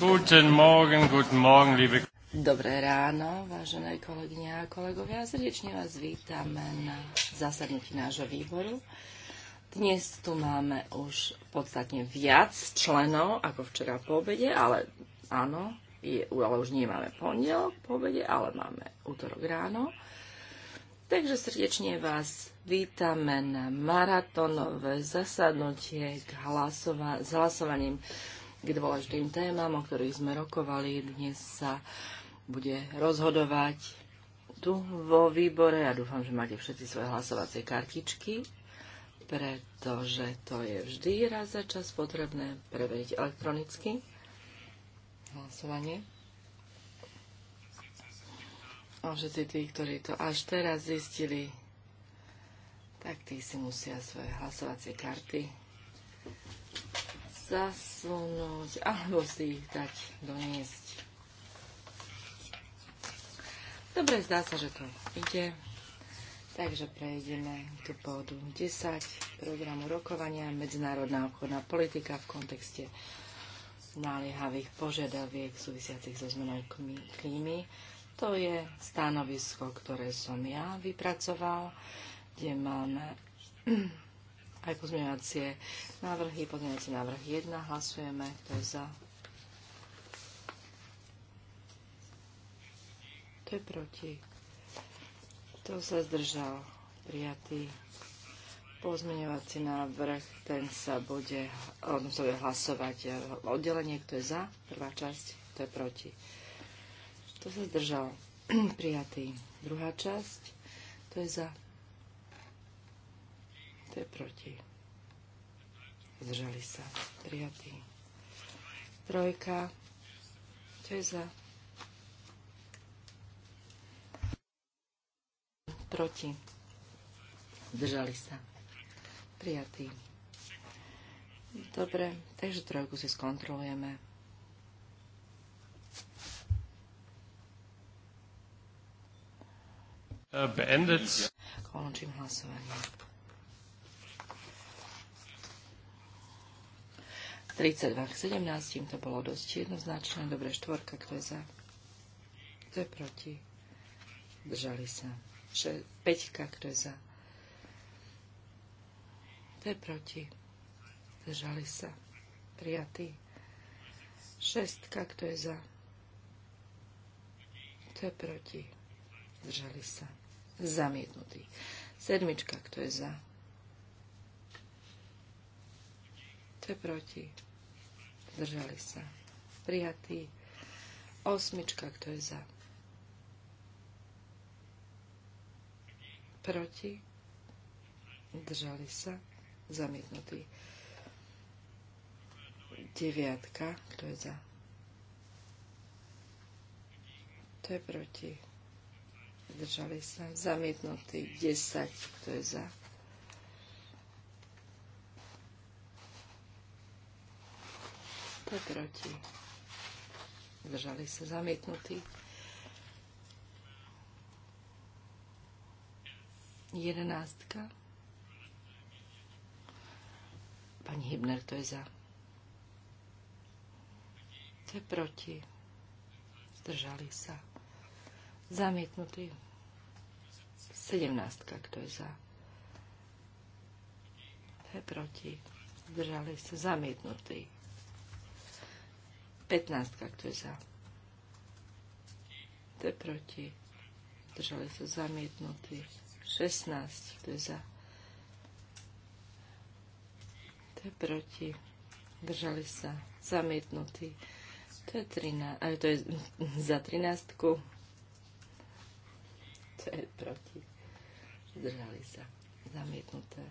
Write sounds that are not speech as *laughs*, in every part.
Guten Morgen, guten Morgen, liebe Dobré ráno, vážené kolegyne a kolegovia. Srdečne vás vítame na zasadnutí nášho výboru. Dnes tu máme už podstatne viac členov ako včera po obede, ale áno, je, ale už nemáme pondelok po obede, ale máme útorok ráno. Takže srdečne vás vítame na maratónové zasadnutie k hlasova- s hlasovaním k dôležitým témam, o ktorých sme rokovali. Dnes sa bude rozhodovať tu vo výbore. Ja dúfam, že máte všetci svoje hlasovacie kartičky, pretože to je vždy raz za čas potrebné preveriť elektronicky hlasovanie. A všetci tí, ktorí to až teraz zistili, tak tí si musia svoje hlasovacie karty zasunúť alebo si ich dať doniesť. Dobre, zdá sa, že to ide. Takže prejdeme k bodu 10 programu rokovania Medzinárodná obchodná politika v kontexte naliehavých požiadaviek súvisiacich so zmenou klímy. To je stanovisko, ktoré som ja vypracoval, kde máme aj pozmeňovacie návrhy. Pozmeňovací návrh 1 hlasujeme, kto je za. Kto je proti? Kto sa zdržal? Prijatý. Pozmeňovací návrh, ten sa bude, on sa bude hlasovať e, oddelenie, kto je za, prvá časť, kto je proti. Kto sa zdržal? *clears throat* Prijatý. Druhá časť, kto je za, kto je proti? Zdržali sa. Prijatý. Trojka. Kto je za? Proti. Zdržali sa. Prijatý. Dobre, takže trojku si skontrolujeme. Äh, beendet. Končím hlasovanie. 32 k 17, tým to bolo dosť jednoznačné. Dobre, štvorka, kto je za? Kto je proti? Držali sa. Še- peťka, kto je za? Kto je proti? Držali sa. Prijatý. Šestka, kto je za? Kto je proti? Držali sa. Zamietnutý. Sedmička, kto je za? Čo je proti? Zdržali sa. Prijatý. Osmička, kto je za? Proti? Zdržali sa. Zamietnutý. Deviatka, kto je za? To je proti? Zdržali sa. Zamietnutý. 10, kto je za? Kto je proti? Držali sa zamietnutí. 11. Pani Hibner, to je za. To je proti. Zdržali sa. Zamietnutý. 17. Kto je za? To je proti. Zdržali sa. Zamietnutý. 15, kto je za. Kto je proti. Zdržali sa zamietnutí. 16, kto je za. Kto je proti. Zdržali sa zamietnutí. To je, 13, ale to je *laughs* za 13. To je proti. Zdržali sa zamietnuté.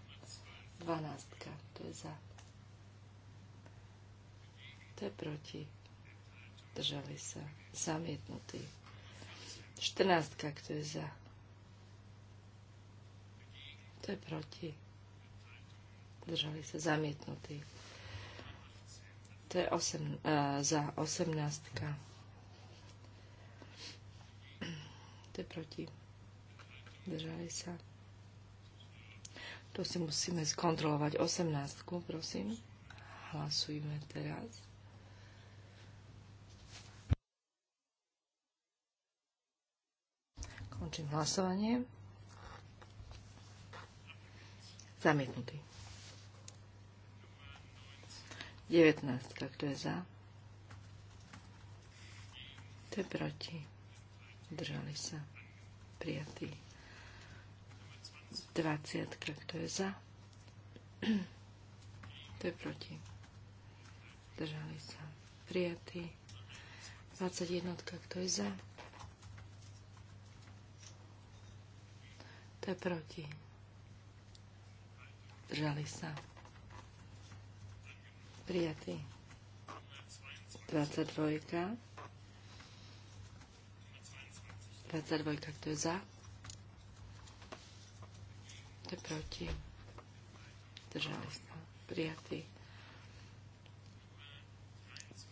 12. To je za. To je proti. Držali sa, zamietnutí. 14, kto je za, kto je proti, Držali sa, zamietnutí. To je osem, uh, za osemnáctka. To je proti. Držali sa. To si musíme skontrolovať. osemnáctku, prosím. Hlasujme teraz. Končím hlasovanie. Zamietnutý. 19. Kto je za? Kto je proti? Držali sa. Prijatý. 20. Kto je za? *clears throat* Kto je proti? Držali sa. Prijatý. 21. Kto je za? To je proti. Držali sa. Prijatý. 22. 22. Kto je za? To je proti. Držali sa. Prijatý.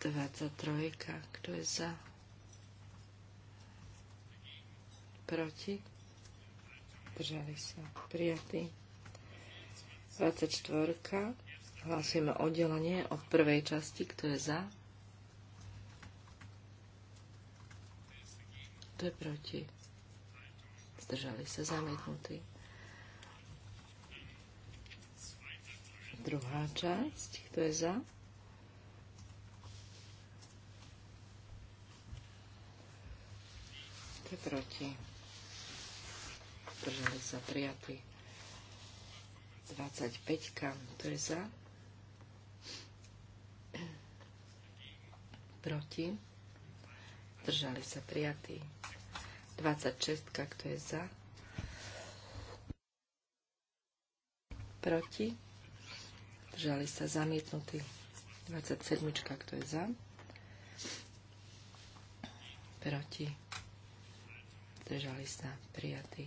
23. Kto je za? Proti? zdržali sa, Prijatý. 24. Hlasujeme oddelenie od prvej časti, kto je za, kto je proti. Zdržali sa zamietnutí. Druhá časť, kto je za? Kto je proti? zdržali sa prijatí. 25, Teresa. je za, proti, zdržali sa prijatí. 26, kto je za, proti, zdržali sa zamietnutí. 27, kto je za, proti, zdržali sa prijatí.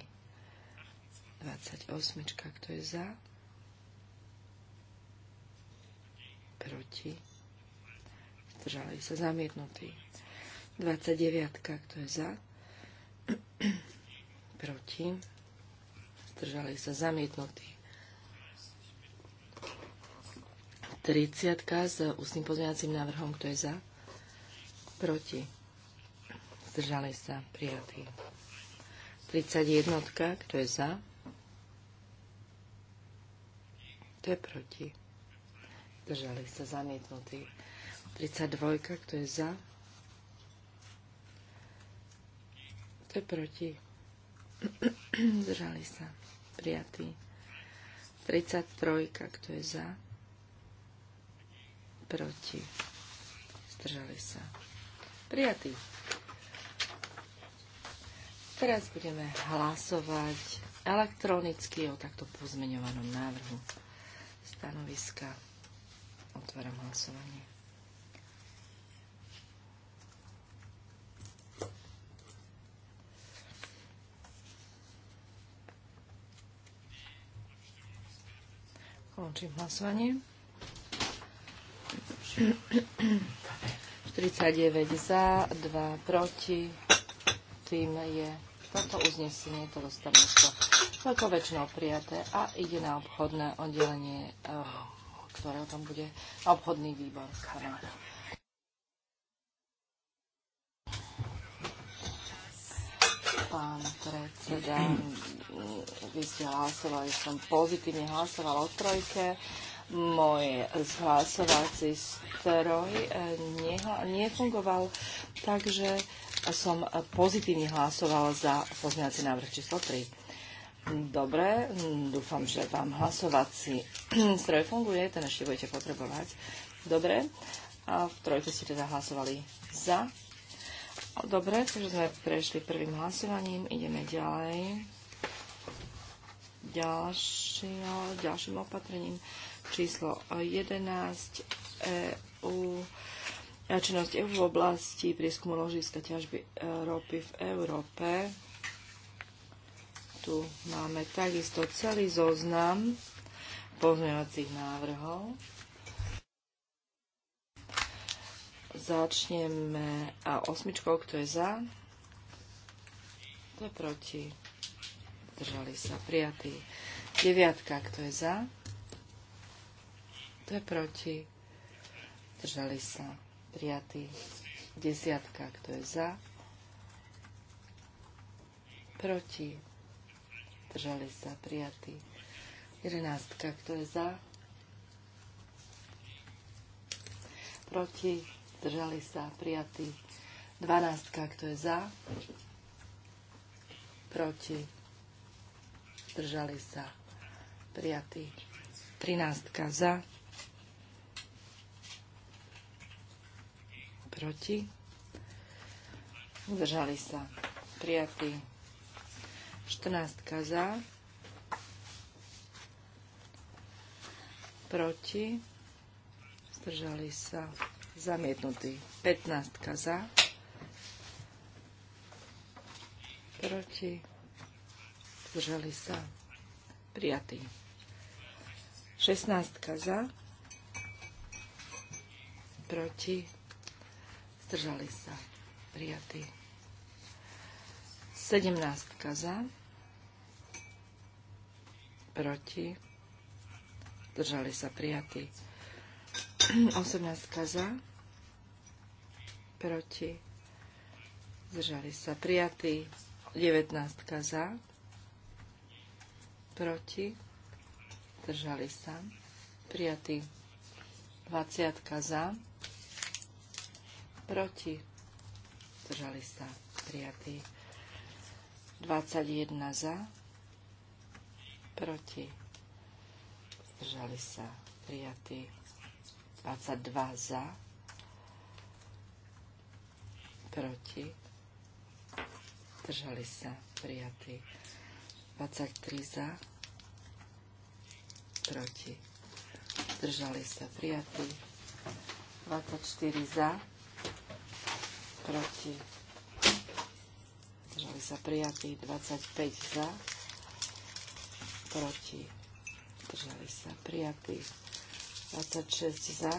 28. Kto je za? Proti. Zdržali sa zamietnutí. 29. Kto je za? *clears throat* Proti. Zdržali sa zamietnutí. 30. s ústnym pozmeňacím návrhom. Kto je za? Proti. Zdržali sa prijatí. 31. Kto je za? Kto je proti? Zdržali sa zamietnutí. 32. Kto je za? Kto je proti? *clears throat* Zdržali sa. Prijatí. 33. Kto je za? Proti. Zdržali sa. Prijatí. Teraz budeme hlasovať elektronicky o takto pozmeňovanom návrhu stanoviska. Otváram hlasovanie. Končím hlasovanie. 49 *clears throat* za, 2 proti. Tým je toto uznesenie, toto stanovisko veľkou väčšinou prijaté a ide na obchodné oddelenie, eh, ktoré o tom bude obchodný výbor. Pán predseda, vy ste hlasovali, som pozitívne hlasovala o trojke môj zhlasovací stroj eh, nefungoval, takže som pozitívne hlasovala za pozmeňovací návrh číslo 3. Dobre, dúfam, že vám hlasovací *clears throat* stroj funguje, ten ešte budete potrebovať. Dobre, a v trojke ste teda hlasovali za. Dobre, takže sme prešli prvým hlasovaním, ideme ďalej. ďalším opatrením číslo 11 EU, činnosť EU v oblasti prieskumu ložiska ťažby e, ropy v Európe. Tu máme takisto celý zoznam pozmeňovacích návrhov. Začneme a osmičkou, kto je za, kto je proti, držali sa prijatí. Deviatka, kto je za, to je proti. Držali sa. prijatí, Desiatka. Kto je za? Proti. Držali sa. prijatí. Jedenáctka. Kto je za? Proti. Držali sa. prijatí. Dvanáctka. Kto je za? Proti. Držali sa. Prijatý. Trináctka za proti, Udržali sa, prijatí. 14 za, proti, zdržali sa, zamietnutí. 15 za, proti, zdržali sa, prijatí. 16 za, proti, zdržali sa, prijatý. 17 za, proti, zdržali sa, prijatý. 18 *clears throat* za, proti, zdržali sa, prijatý. 19 za, proti, zdržali sa, prijatý. 20 za, proti, zdržali sa prijatí. 21 za, proti, zdržali sa prijatí. 22 za, proti, zdržali sa prijatí. 23 za, proti, zdržali sa prijatí. 24 za, proti, zdržali sa prijatí, 25 za, proti, zdržali sa prijatí, 26 za,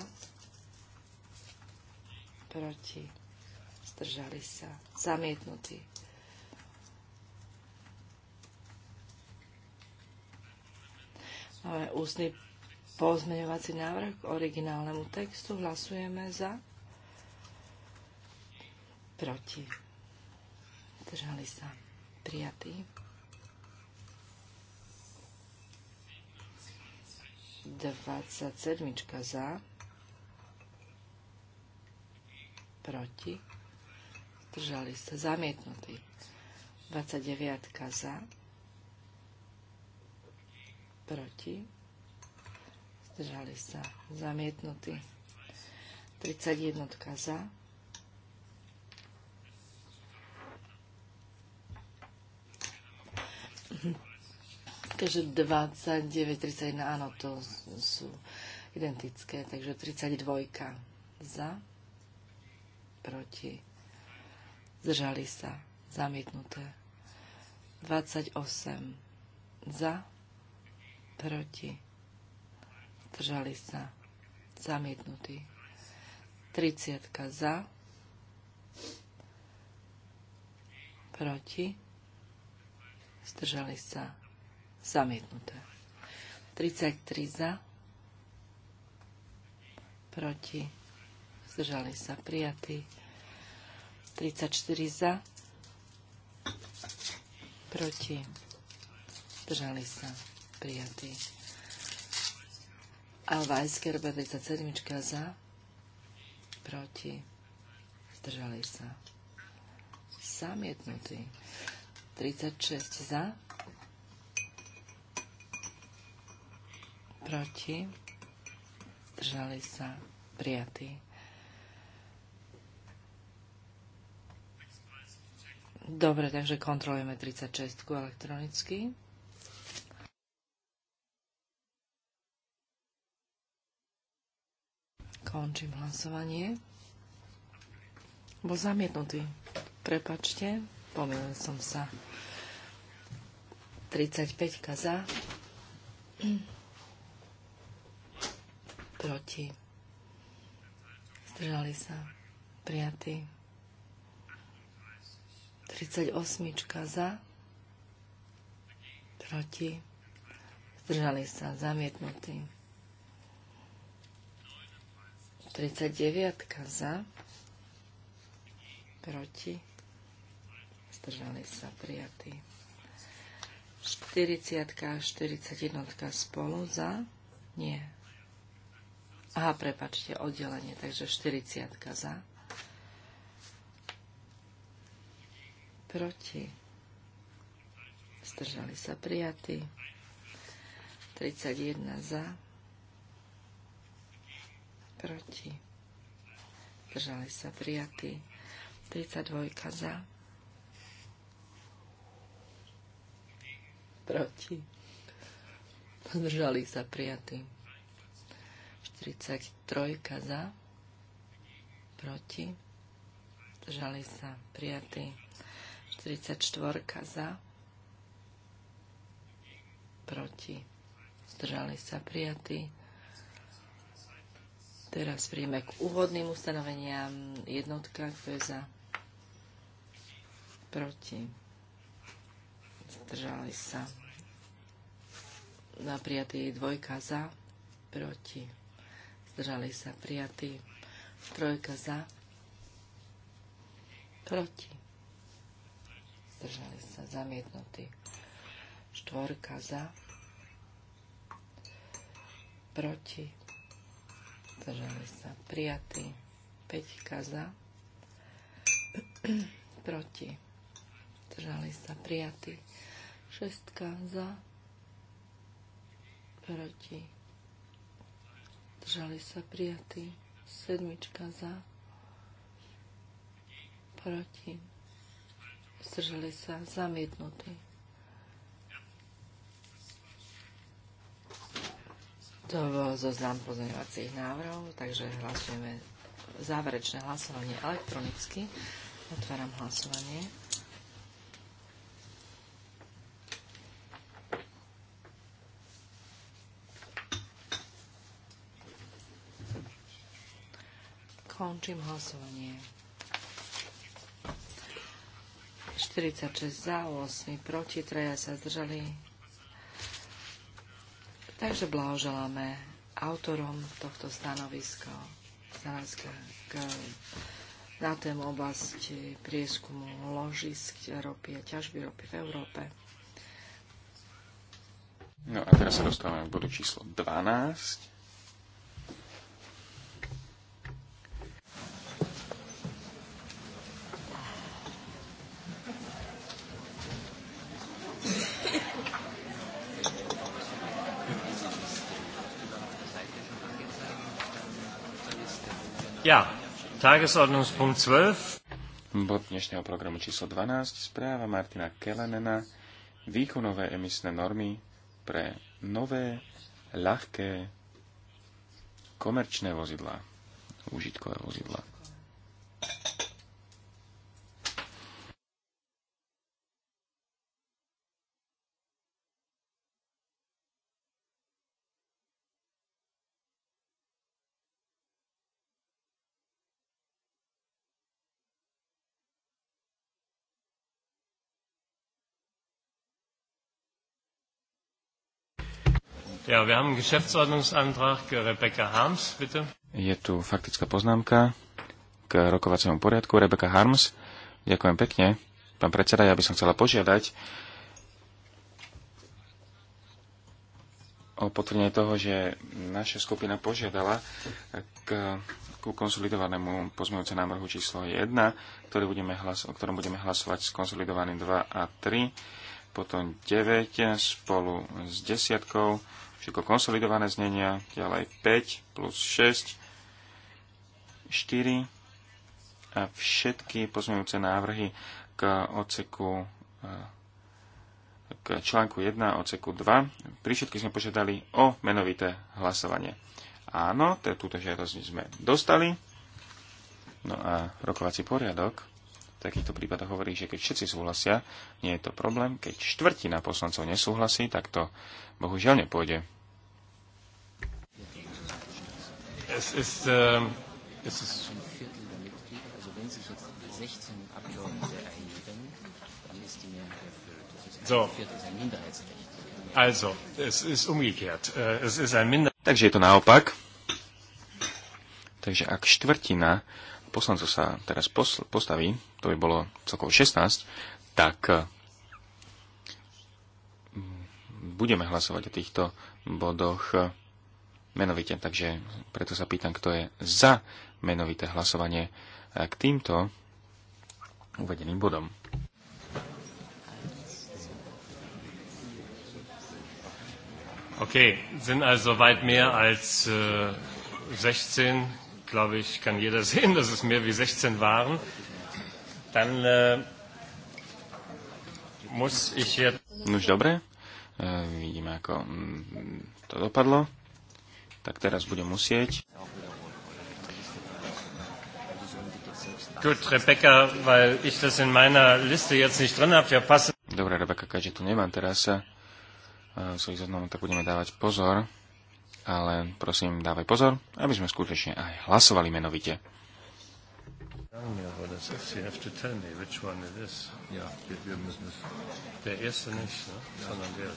proti, zdržali sa, zamietnutí. Máme ústny pozmeňovací návrh k originálnemu textu. Hlasujeme za proti, držali sa, prijatý. sedmička za, proti, Držali sa, zamietnutý. deviatka za, proti, Držali sa, zamietnutý. 31 za, Takže 29, 31, áno, to sú identické. Takže 32 za, proti, zdržali sa, zamietnuté. 28 za, proti, zdržali sa, zamietnutý. 30 za, proti, zdržali sa, Zamietnuté. 33 za. Proti. Zdržali sa prijatí. 34 za. Proti. Zdržali sa prijatí. Alva Alvajsker 27 za. Proti. Zdržali sa. Zamietnutý. 36 za proti, držali sa prijatí. Dobre, takže kontrolujeme 36 elektronicky. Končím hlasovanie. Bol zamietnutý. Prepačte, pomýlil som sa. 35 za proti, zdržali sa, prijatí. 38 za, proti, zdržali sa, zamietnutí. 39 za, proti, zdržali sa, prijatí. 40 a 41 spolu za, nie, Aha, prepačte, oddelenie, takže 40 za. Proti. Zdržali sa prijatí. 31 za. Proti. Zdržali sa prijatí. 32 za. Proti. Zdržali sa prijatí. 33 za, proti, zdržali sa prijatí. 34 za, proti, zdržali sa prijatí. Teraz príjme k úvodným ustanoveniam jednotka, kto je za, proti, zdržali sa. Na prijatý dvojka za, proti zdržali sa prijatí. Trojka za, proti, zdržali sa zamietnutí. Štvorka za, proti, zdržali sa prijatí. Peťka za, *clears throat* proti, zdržali sa prijatí. Šestka za, proti, zdržali sa prijatí, sedmička za, proti, zdržali sa zamietnutí. To bol zoznam pozmeňovacích návrhov, takže hlasujeme záverečné hlasovanie elektronicky. Otváram hlasovanie. Končím hlasovanie. 46 za, 8 proti, 3 sa zdržali. Takže blahoželáme autorom tohto stanoviska stanoviska k, na tému oblasti prieskumu ložisk ropy a ťažby ropy v Európe. No a teraz sa dostávame k bodu číslo 12. Ja, Tagesordnungspunkt 12. Bod dnešného programu číslo 12, správa Martina Kelenena, výkonové emisné normy pre nové, ľahké, komerčné vozidla. užitkové vozidla. Ja, wir haben Geschäftsordnungsantrag. Äh, Rebecca Harms, bitte. Je tu faktická poznámka k rokovaciemu poriadku. Rebecca Harms, ďakujem pekne. Pán predseda, ja by som chcela požiadať o potvrdenie toho, že naša skupina požiadala k, ku konsolidovanému pozmeňujúce návrhu číslo 1, ktorý budeme hlas, o ktorom budeme hlasovať s konsolidovaným 2 a 3, potom 9 spolu s desiatkou, všetko konsolidované znenia, ďalej 5 plus 6, 4 a všetky pozmeňujúce návrhy k odseku e, k článku 1, odseku 2. Pri všetkých sme požiadali o menovité hlasovanie. Áno, túto žiadosť sme dostali. No a rokovací poriadok v takýchto prípadoch hovorí, že keď všetci súhlasia, nie je to problém. Keď štvrtina poslancov nesúhlasí, tak to bohužiaľ nepôjde. es ist, ähm, es ist so. Also, es ist umgekehrt. Äh, es ist ein Minder Takže je to naopak. Takže ak štvrtina poslancov sa teraz postaví, to by bolo celkovo 16, tak eh, budeme hlasovať o týchto bodoch eh, menovite. Takže preto sa pýtam, kto je za menovité hlasovanie e, k týmto uvedeným bodom. OK, sind also weit mehr als äh, 16. Glaube ich, kann jeder *laughs* sehen, dass es mehr wie 16 waren. Dann äh, muss ich jetzt... Nuž dobre, e, vidíme, ako mm, to dopadlo tak teraz budem musieť. Gut, Rebecca, weil ich das in meiner Liste jetzt nicht drin habe, ja passen. Dobre, Rebeka, keďže tu nemám teraz eh, v svojich tak budeme dávať pozor. Ale prosím, dávaj pozor, aby sme skutočne aj hlasovali menovite sagen mir, wo das ist. You have to tell me which one it is. Ja, wir, wir müssen es. Der erste nicht, ne? sondern der.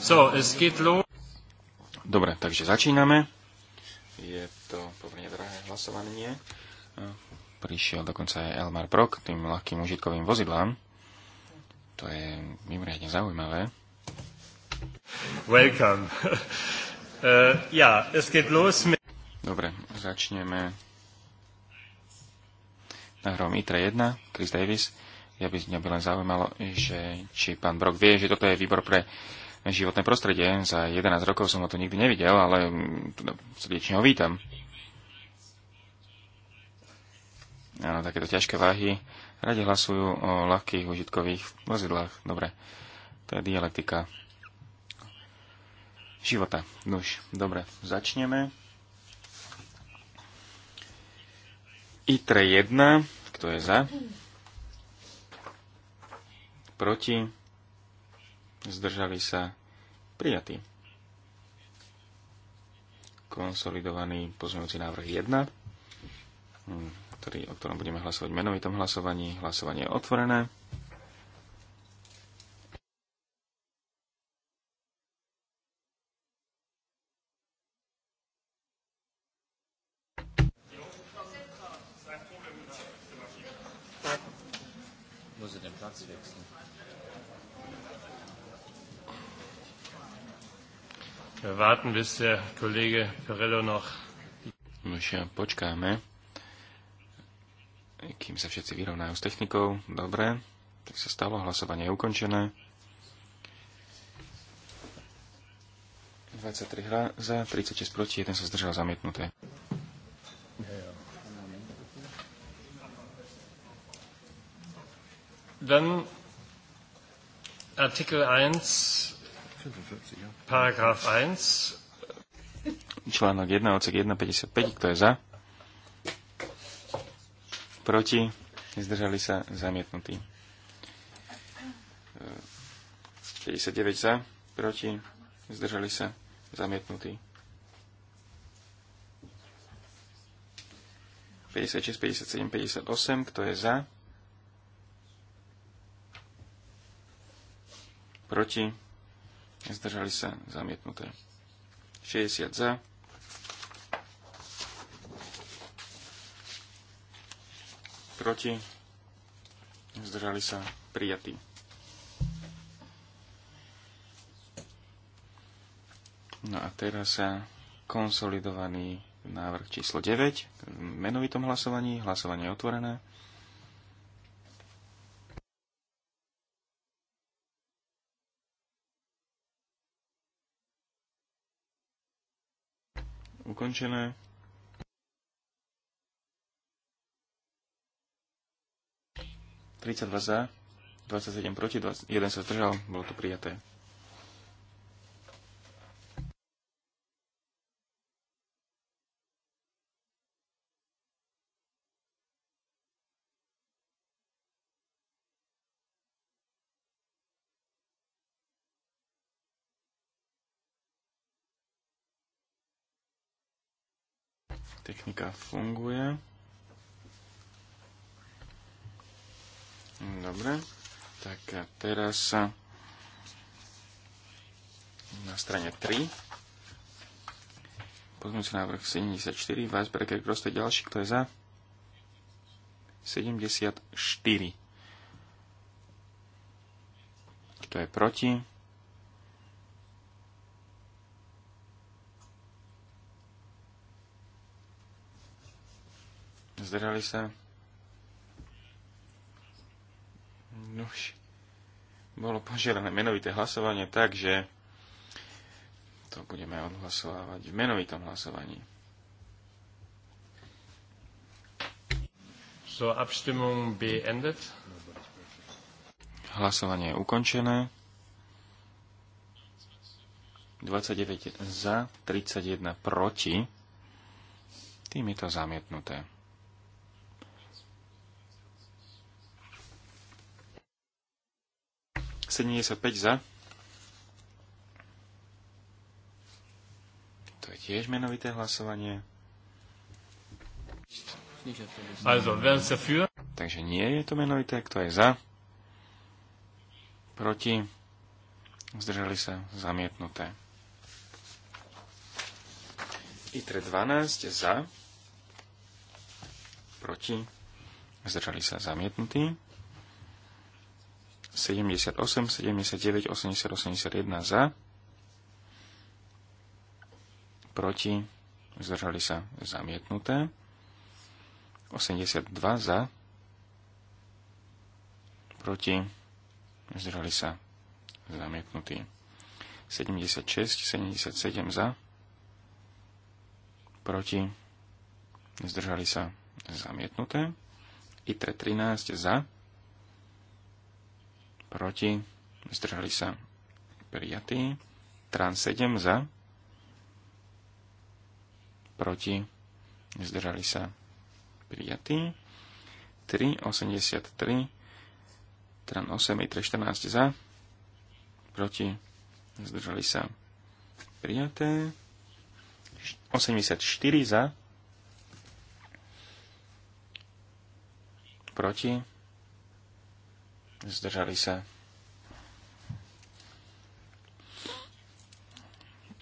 So, es geht los. Dobre, takže začíname. Je to pomerne drahé hlasovanie. No, prišiel dokonca aj Elmar Prok tým ľahkým užitkovým vozidlám. To je mimoriadne zaujímavé. Welcome. Uh, *laughs* ja, es geht los mit Dobre, začneme na hrom ITRE 1, Chris Davis. Ja by, mňa by len zaujímalo, že či pán Brok vie, že toto je výbor pre životné prostredie. Za 11 rokov som ho tu nikdy nevidel, ale mm, teda srdečne ho vítam. Áno, takéto ťažké váhy radi hlasujú o ľahkých užitkových vozidlách. Dobre, to je dialektika života. Nuž, dobre, začneme. ITRE 1, kto je za? Proti? Zdržali sa? prijatí. Konsolidovaný pozmeňujúci návrh 1, hm, ktorý, o ktorom budeme hlasovať menovitom hlasovaní. Hlasovanie je otvorené. Platz wechseln. Wir warten, bis der Kollege Perello noch... Už počkáme, kim sa všetci vyrovnajú s technikou. Dobre, tak sa stalo, hlasovanie je ukončené. 23 hra za, 36 proti, jeden sa zdržal zamietnuté. wenn Artikel 1, paragraf ja. Paragraph 1. Článok 1, odsek 155, kto je za? Proti? Zdržali sa zamietnutí. 59 za, proti, zdržali sa zamietnutí. 56, 57, 58, kto je za? proti, zdržali sa zamietnuté. 60 za, proti, zdržali sa prijatí. No a teraz sa konsolidovaný návrh číslo 9 v menovitom hlasovaní, hlasovanie je otvorené. ukončené. 32 za, 27 proti, 1 sa zdržal, bolo to prijaté. technika funguje. Dobre, tak a teraz na strane 3 pozmúci návrh 74 Weisberger, Groste, ďalší, kto je za? 74 Kto je proti? zdržali sa. Nož, bolo požiadané menovité hlasovanie, takže to budeme odhlasovávať v menovitom hlasovaní. So, Abstimmung beendet. Hlasovanie je ukončené. 29 za, 31 proti. Tým je to zamietnuté. 75 za. To je tiež menovité hlasovanie. Also, dafür? Takže nie je to menovité, kto je za. Proti. Zdržali sa zamietnuté. ITRE 12 za. Proti. Zdržali sa zamietnutí. 78, 79, 80, 81 za. Proti. Zdržali sa zamietnuté. 82 za. Proti. Zdržali sa zamietnutí. 76, 77 za. Proti. Zdržali sa zamietnuté. ITRE 13 za proti, zdržali sa prijatí, trán 7 za, proti, zdržali sa prijatí, 83, trán 8 i 14 za, proti, zdržali sa prijaté, 84 za, proti, zdržali sa.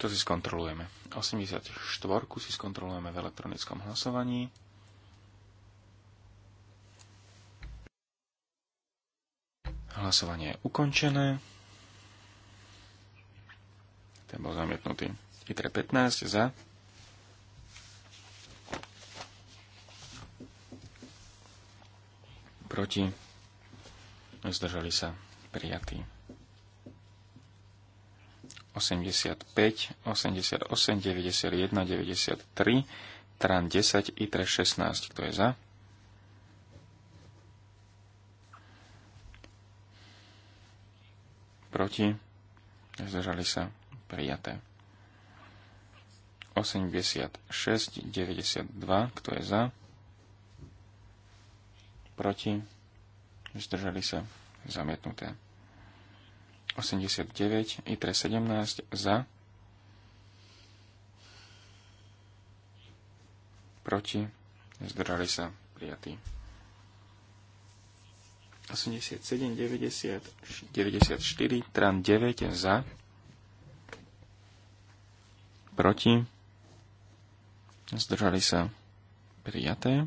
To si skontrolujeme. 84 si skontrolujeme v elektronickom hlasovaní. Hlasovanie je ukončené. Ten bol zamietnutý. ITRE 15 za. Proti zdržali sa prijatí. 85, 88, 91, 93, tran 10, ITRE 16. Kto je za? Proti? Zdržali sa prijaté. 86, 92. Kto je za? Proti? zdržali sa zamietnuté. 89, ITRE 17 za, proti, zdržali sa prijatí. 87, 90, 94, TRAN 9 za, proti, zdržali sa prijaté.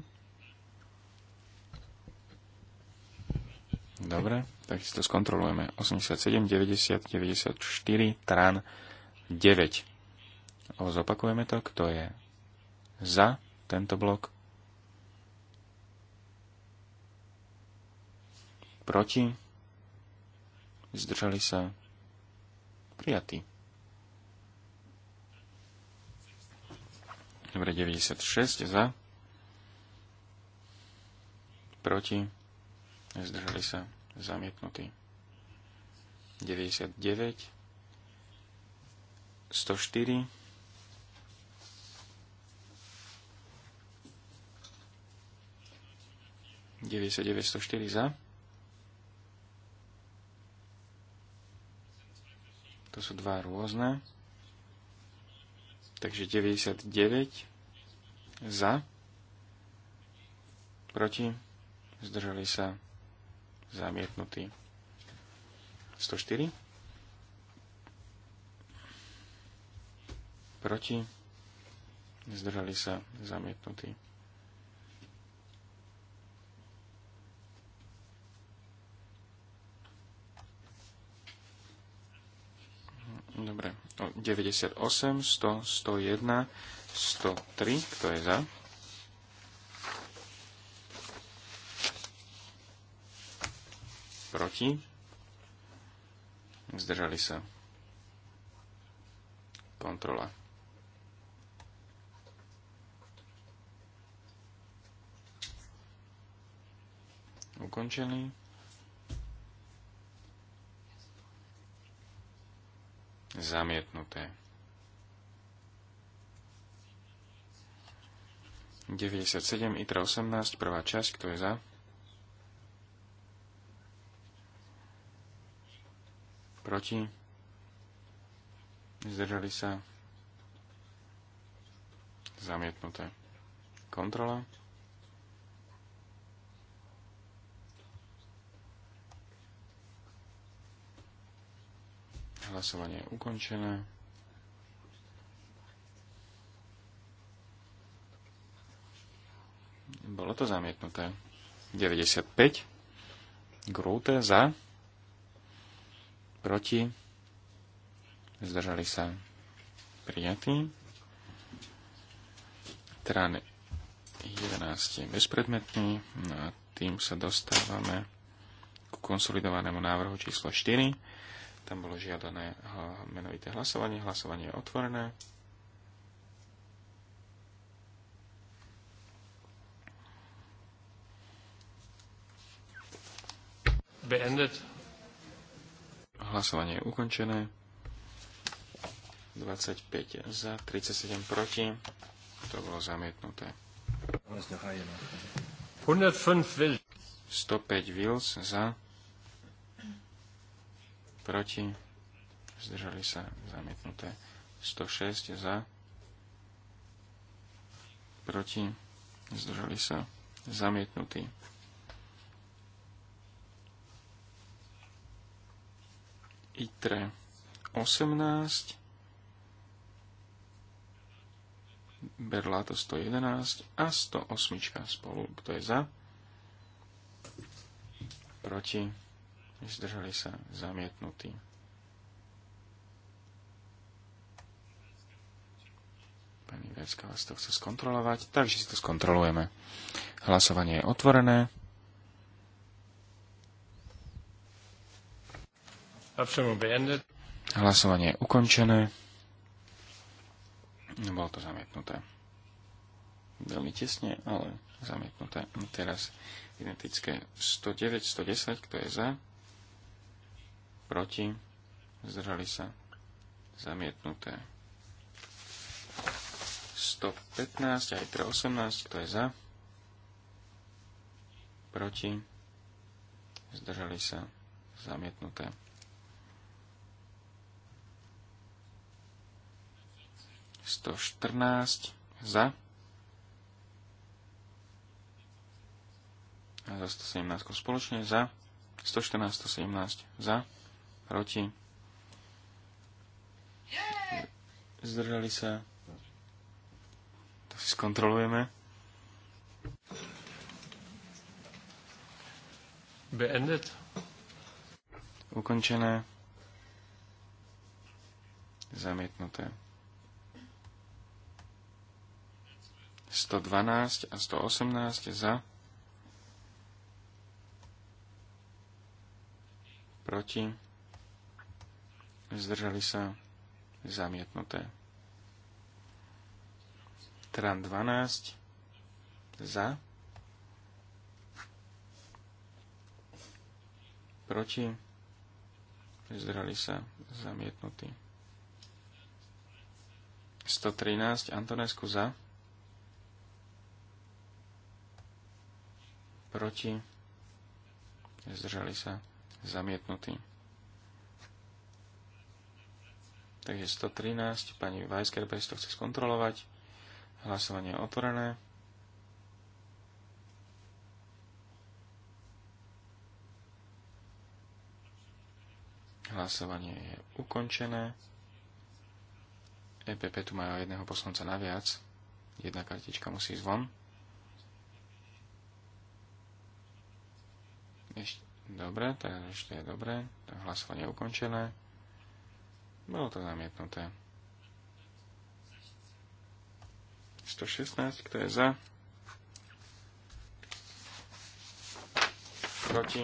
Dobre, tak si to skontrolujeme. 87, 90, 94, tran, 9. O, zopakujeme to, kto je za tento blok. Proti. Zdržali sa. Prijatí. Dobre, 96 za. Proti zdržali sa zamietnutí. 99, 104, 99, deväťsto za. To sú dva rôzne. Takže 99 za. Proti. Zdržali sa Zamietnutý. 104. Proti. Zdržali sa. Zamietnutý. Dobre. 98, 100, 101, 103. Kto je za? proti, zdržali sa, kontrola. Ukončený. Zamietnuté. 97, ITRA 18, prvá časť, kto je za? proti, zdržali sa, zamietnuté. Kontrola. Hlasovanie je ukončené. Bolo to zamietnuté. 95. Grúte za proti, zdržali sa prijatí. Trán 11 je bezpredmetný, no a tým sa dostávame k konsolidovanému návrhu číslo 4. Tam bolo žiadané menovité hlasovanie, hlasovanie je otvorené. Beendet. Hlasovanie je ukončené. 25 za, 37 proti. To bolo zamietnuté. 105 Wills za, proti, zdržali sa zamietnuté. 106 za, proti, zdržali sa zamietnutí. ITRE 18, Berláto 111 a 108 spolu. Kto je za? Proti? Zdržali sa zamietnutí. Pani Vecka vás to chce skontrolovať, takže si to skontrolujeme. Hlasovanie je otvorené. Hlasovanie je ukončené. Bolo to zamietnuté. Veľmi tesne, ale zamietnuté. Teraz identické 109, 110, kto je za, proti, zdržali sa, zamietnuté. 115, aj 318, kto je za, proti, zdržali sa, zamietnuté. 114 za. A za 117 spoločne za. 114, 117 za. Proti. Zdržali sa. To si skontrolujeme. Beendet. Ukončené. Zamietnuté. 112 a 118 za, proti, zdržali sa zamietnuté. Tran 12 za, proti, zdržali sa zamietnutí. 113 Antonesku za, proti, zdržali sa, zamietnutí. Takže 113, pani Weisgerber to chce skontrolovať. Hlasovanie je otvorené. Hlasovanie je ukončené. EPP tu majú jedného poslanca naviac. Jedna kartička musí ísť von. Ešte, dobre, tak ešte je dobre. Tak hlasovanie je ukončené. Bolo to zamietnuté. 116, kto je za? Proti?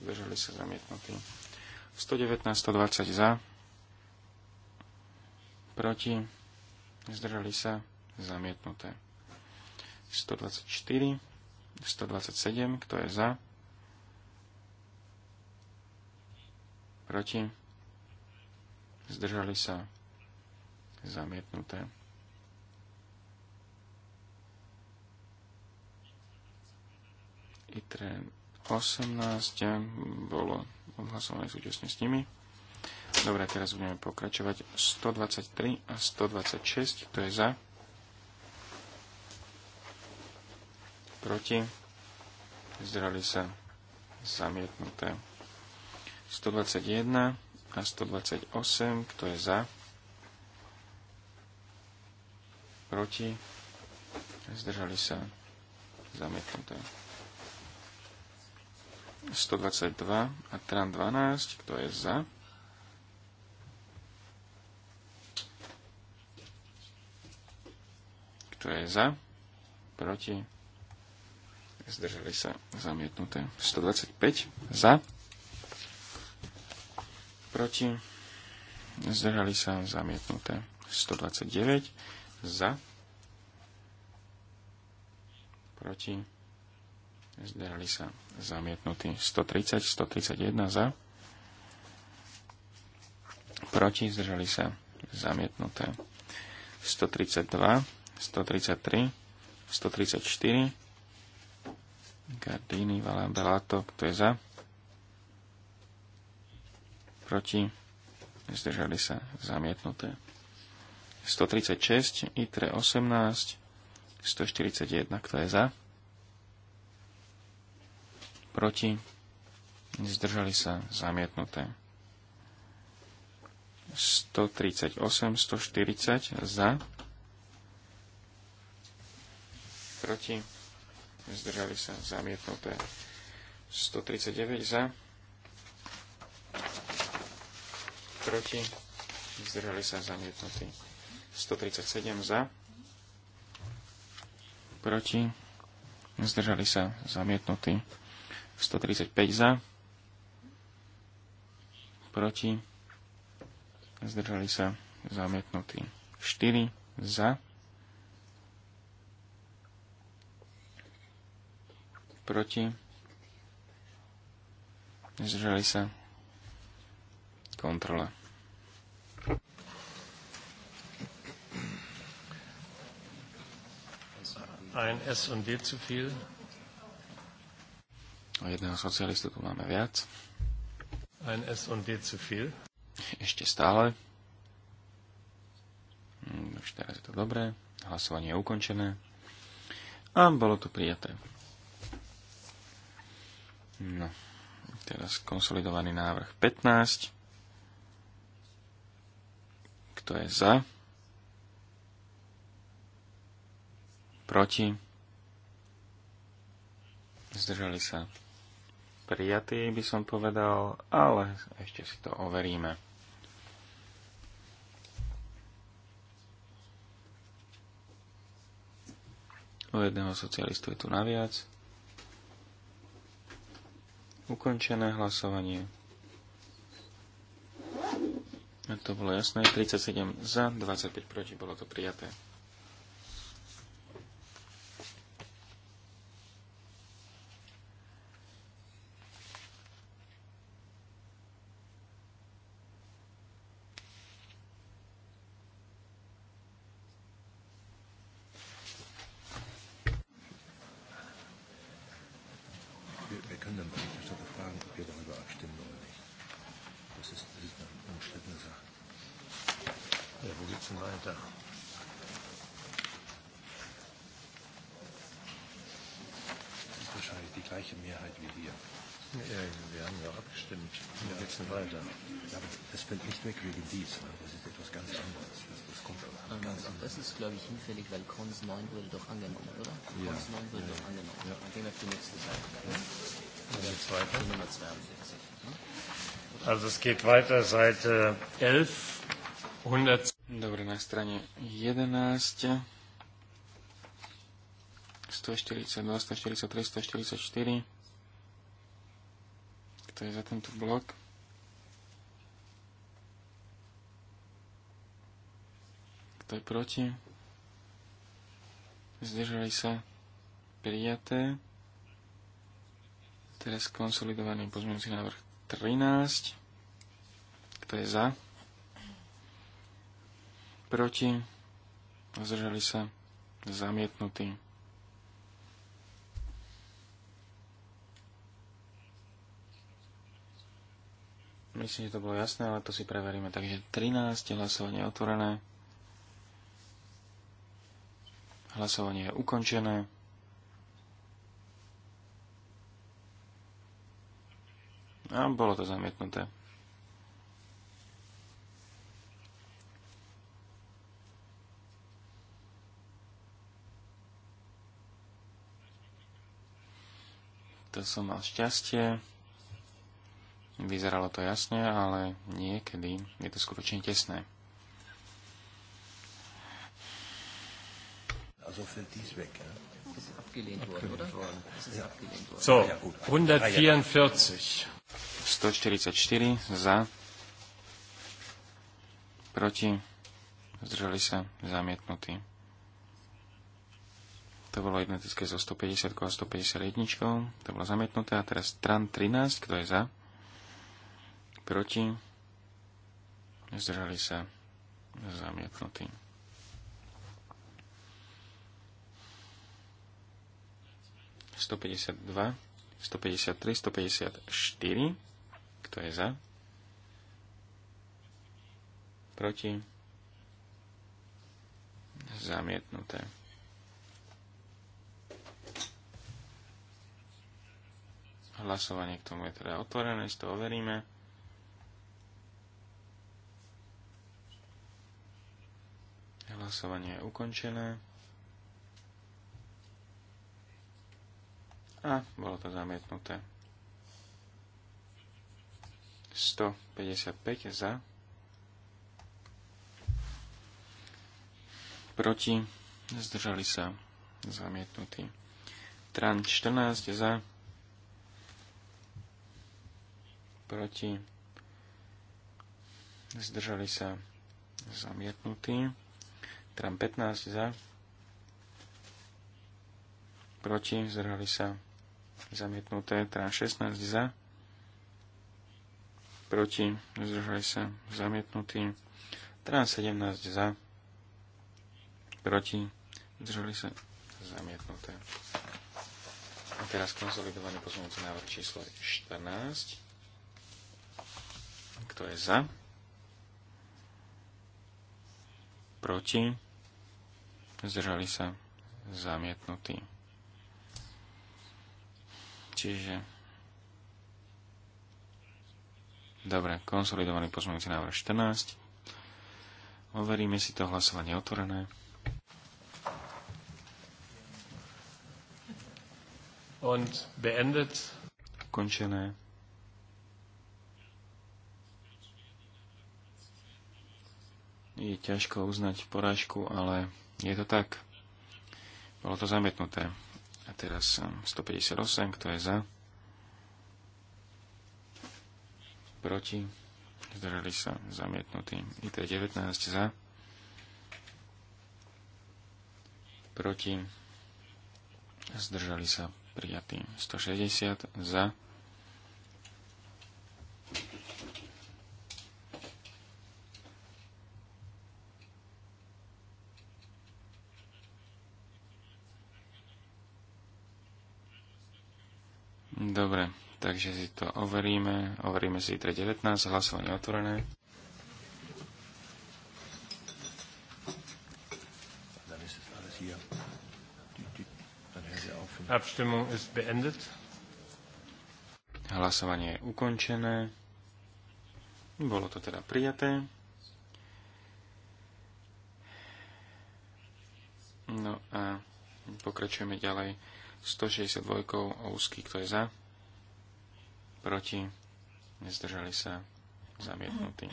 Zdržali sa zamietnutí. 119, 120 za. Proti? Zdržali sa zamietnuté. 124 127, kto je za, proti, zdržali sa, zamietnuté. ITRE 18 bolo odhlasované súčasne s nimi. Dobre, teraz budeme pokračovať 123 a 126, kto je za, proti, zdržali sa zamietnuté. 121 a 128, kto je za, proti, zdržali sa zamietnuté. 122 a tran 12, kto je za, kto je za, proti, zdržali sa zamietnuté. 125 za, proti, zdržali sa zamietnuté. 129 za, proti, zdržali sa zamietnutí. 130, 131 za, proti, zdržali sa zamietnuté. 132, 133, 134, Gardini, Valán lato, kto je za? Proti? Zdržali sa zamietnuté. 136, ITRE 18, 141, kto je za? Proti? Zdržali sa zamietnuté. 138, 140 za, proti zdržali sa zamietnuté 139 za, proti, zdržali sa zamietnutí 137 za, proti, zdržali sa zamietnutí 135 za, proti, zdržali sa zamietnutí 4 za, proti, zdržali sa, kontrola. Ein S und D zu viel. O jedného socialistu tu máme viac. Ein S und D zu viel. Ešte stále. Hm, už teraz je to dobré. Hlasovanie je ukončené. A bolo to prijaté. No, teraz konsolidovaný návrh 15. Kto je za? Proti? Zdržali sa prijatý, by som povedal, ale ešte si to overíme. O jedného socialistu je tu naviac. Ukončené hlasovanie. A To bolo jasné. 37 za, 25 proti. Bolo to prijaté. Kompromiss 9 wurde doch angenommen, oder? Kompromiss ja. 9 wurde ja. doch angenommen. Ja. Dann gehen wir auf die nächste Seite. Ja? Also die zweite. Die Nummer 62. Ne? Also es geht weiter, Seite 11, 100. Dobre, na strane 11. 142, 143, 144. Kto je za tento blok? Kto je proti? zdržali sa, prijaté. Teraz konsolidovaný pozmeňujúci návrh 13. Kto je za? Proti? Zdržali sa? Zamietnutý. Myslím, že to bolo jasné, ale to si preveríme. Takže 13, hlasovanie otvorené. Hlasovanie je ukončené. A bolo to zamietnuté. To som mal šťastie. Vyzeralo to jasne, ale niekedy je to skutočne tesné. Also für dies weg. Ja? Das ist abgelehnt, abgelehnt worden, oder? Worden. Das ist ja. abgelehnt worden. So, ja, gut. 144. 144 za, proti, zdržali sa, zamietnutí. To bolo identické so 150 a 151, to bolo zamietnuté. A teraz stran 13, kto je za, proti, zdržali sa, zamietnutí. 152, 153, 154. Kto je za? Proti? Zamietnuté. Hlasovanie k tomu je teda otvorené, si to overíme. Hlasovanie je ukončené. a bolo to zamietnuté. 155 za, proti, zdržali sa zamietnutí. Tran 14 za, proti, zdržali sa zamietnutí. Tran 15 za, proti, zdržali sa zamietnuté, teda 16 za, proti, zdržali sa, zamietnutí, teda 17 za, proti, zdržali sa, zamietnuté. A teraz konsolidovaný pozmeňujúci návrh číslo 14. Kto je za? Proti? Zdržali sa? Zamietnutí. Čiže... Dobre, konsolidovaný pozmeňujúci návrh 14. Overíme si to hlasovanie otvorené. Und beendet. Končené. Je ťažko uznať porážku, ale je to tak. Bolo to zametnuté teraz 158, um, kto je za? Proti? Zdržali sa zamietnutí. IT 19 za? Proti? Zdržali sa prijatí. 160 za? Dobre, takže si to overíme. Overíme si 3.19, hlasovanie otvorené. Abstimmung ist beendet. Hlasovanie je ukončené. Bolo to teda prijaté. No a pokračujeme ďalej 162 o úzky, kto je za proti, nezdržali sa, zamietnutí.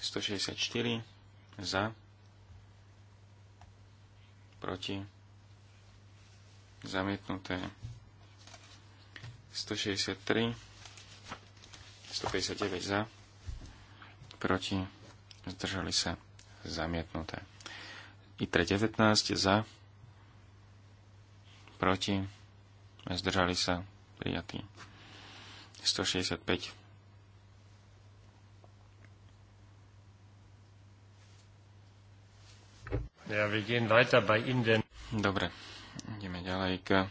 164 za, proti, zamietnuté. 163, 159 za, proti, zdržali sa, zamietnuté. I 19 za, proti, zdržali sa, prijatí. 165 Ja, wir gehen weiter bei Indem. Dobre, ideme ďalej k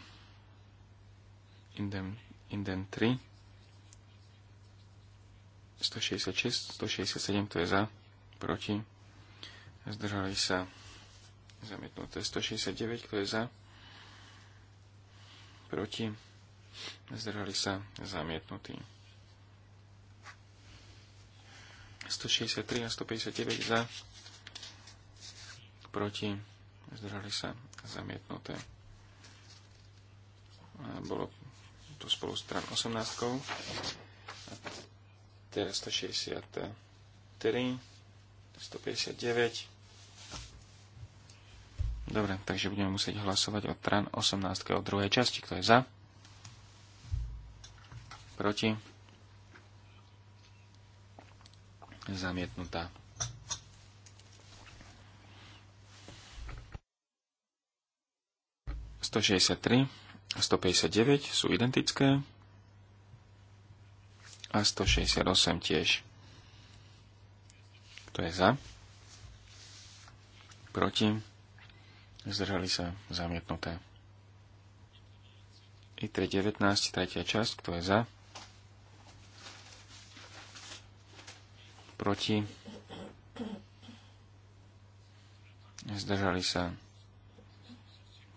Indem, Indem 3. 166, 167 to je za, proti. Zdržali sa zamietnuté 169, to je za, proti zdržali sa zamietnutí. 163 a 159 za, proti, zdržali sa zamietnuté. bolo to spolu stran 18. A teraz 163, 159, Dobre, takže budeme musieť hlasovať o tran 18. o druhej časti. Kto je za? proti, zamietnutá. Sto a 159 sú identické a 168 tiež. Kto je za? Proti? Zdržali sa zamietnuté. I 19, tretia časť, kto je za? proti, zdržali sa,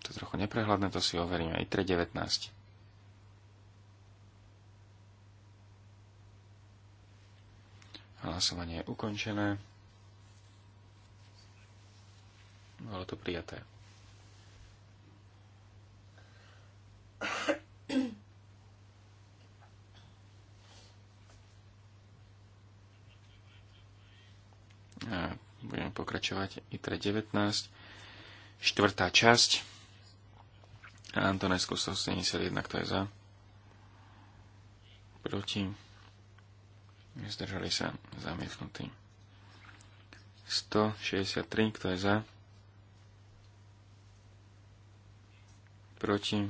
to je trochu neprehľadné, to si overíme, aj 3.19. Hlasovanie je ukončené. Bolo to prijaté. A budeme pokračovať ITRE 19, štvrtá časť. A Antonesku 171, kto je za? Proti? Zdržali sa zamietnutí. 163, kto je za? Proti?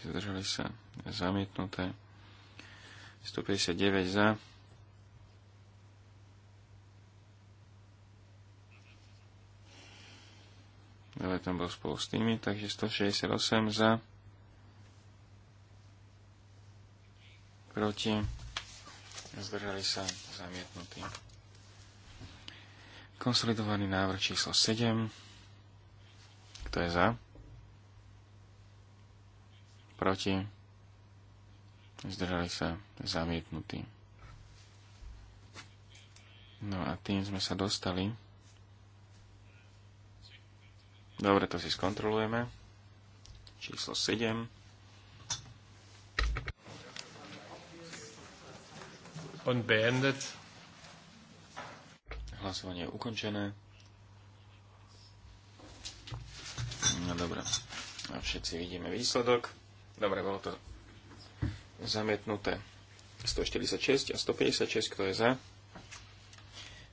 Zdržali sa zamietnuté. 159 za ale tam bol spolu s tými, takže 168 za, proti, zdržali sa zamietnutí. Konsolidovaný návrh číslo 7, kto je za, proti, zdržali sa zamietnutí. No a tým sme sa dostali Dobre, to si skontrolujeme. Číslo 7. Und beendet. Hlasovanie je ukončené. No dobre. A všetci vidíme výsledok. Dobre, bolo to zamietnuté. 146 a 156, kto je za?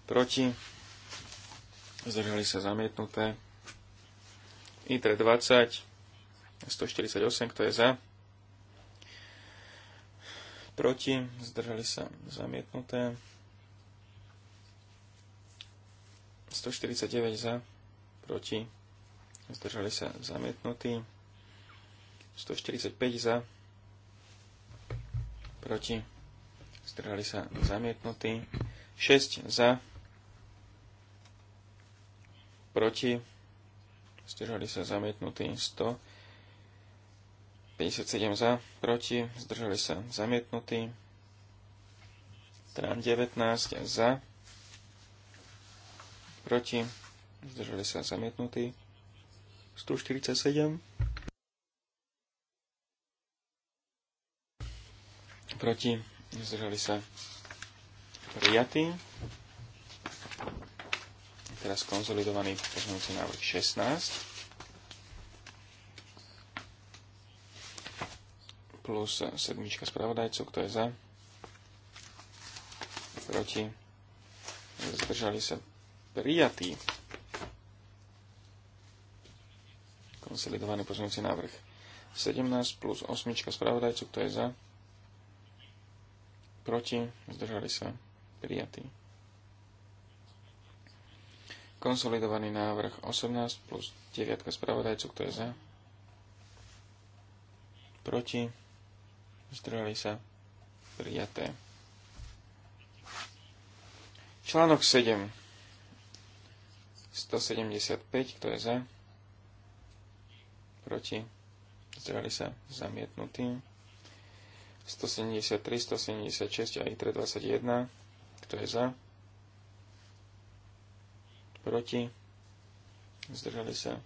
Proti? Zdržali sa zamietnuté. ITRE 20, 148, kto je za, proti, zdržali sa zamietnuté, 149 za, proti, zdržali sa zamietnutí, 145 za, proti, zdržali sa zamietnutí, 6 za, proti, zdržali sa zamietnutí 157 za, proti, zdržali sa zamietnutí, 19 za, proti, zdržali sa zamietnutí, 147 proti, zdržali sa prijatí, Teraz konzolidovaný pozmeňujúci návrh 16 plus sedmička spravodajcov, kto je za, proti, zdržali sa prijatí. Konsolidovaný pozmeňujúci návrh 17 plus osmička spravodajcov, kto je za, proti, zdržali sa prijatí. Konsolidovaný návrh 18 plus 9 spravodajcu, kto je za? Proti? Zdrojali sa? Prijaté. Článok 7. 175, kto je za? Proti? Zdrojali sa? Zamietnutý. 173, 176 a ITRE 21, kto je za? proti, zdržali sa,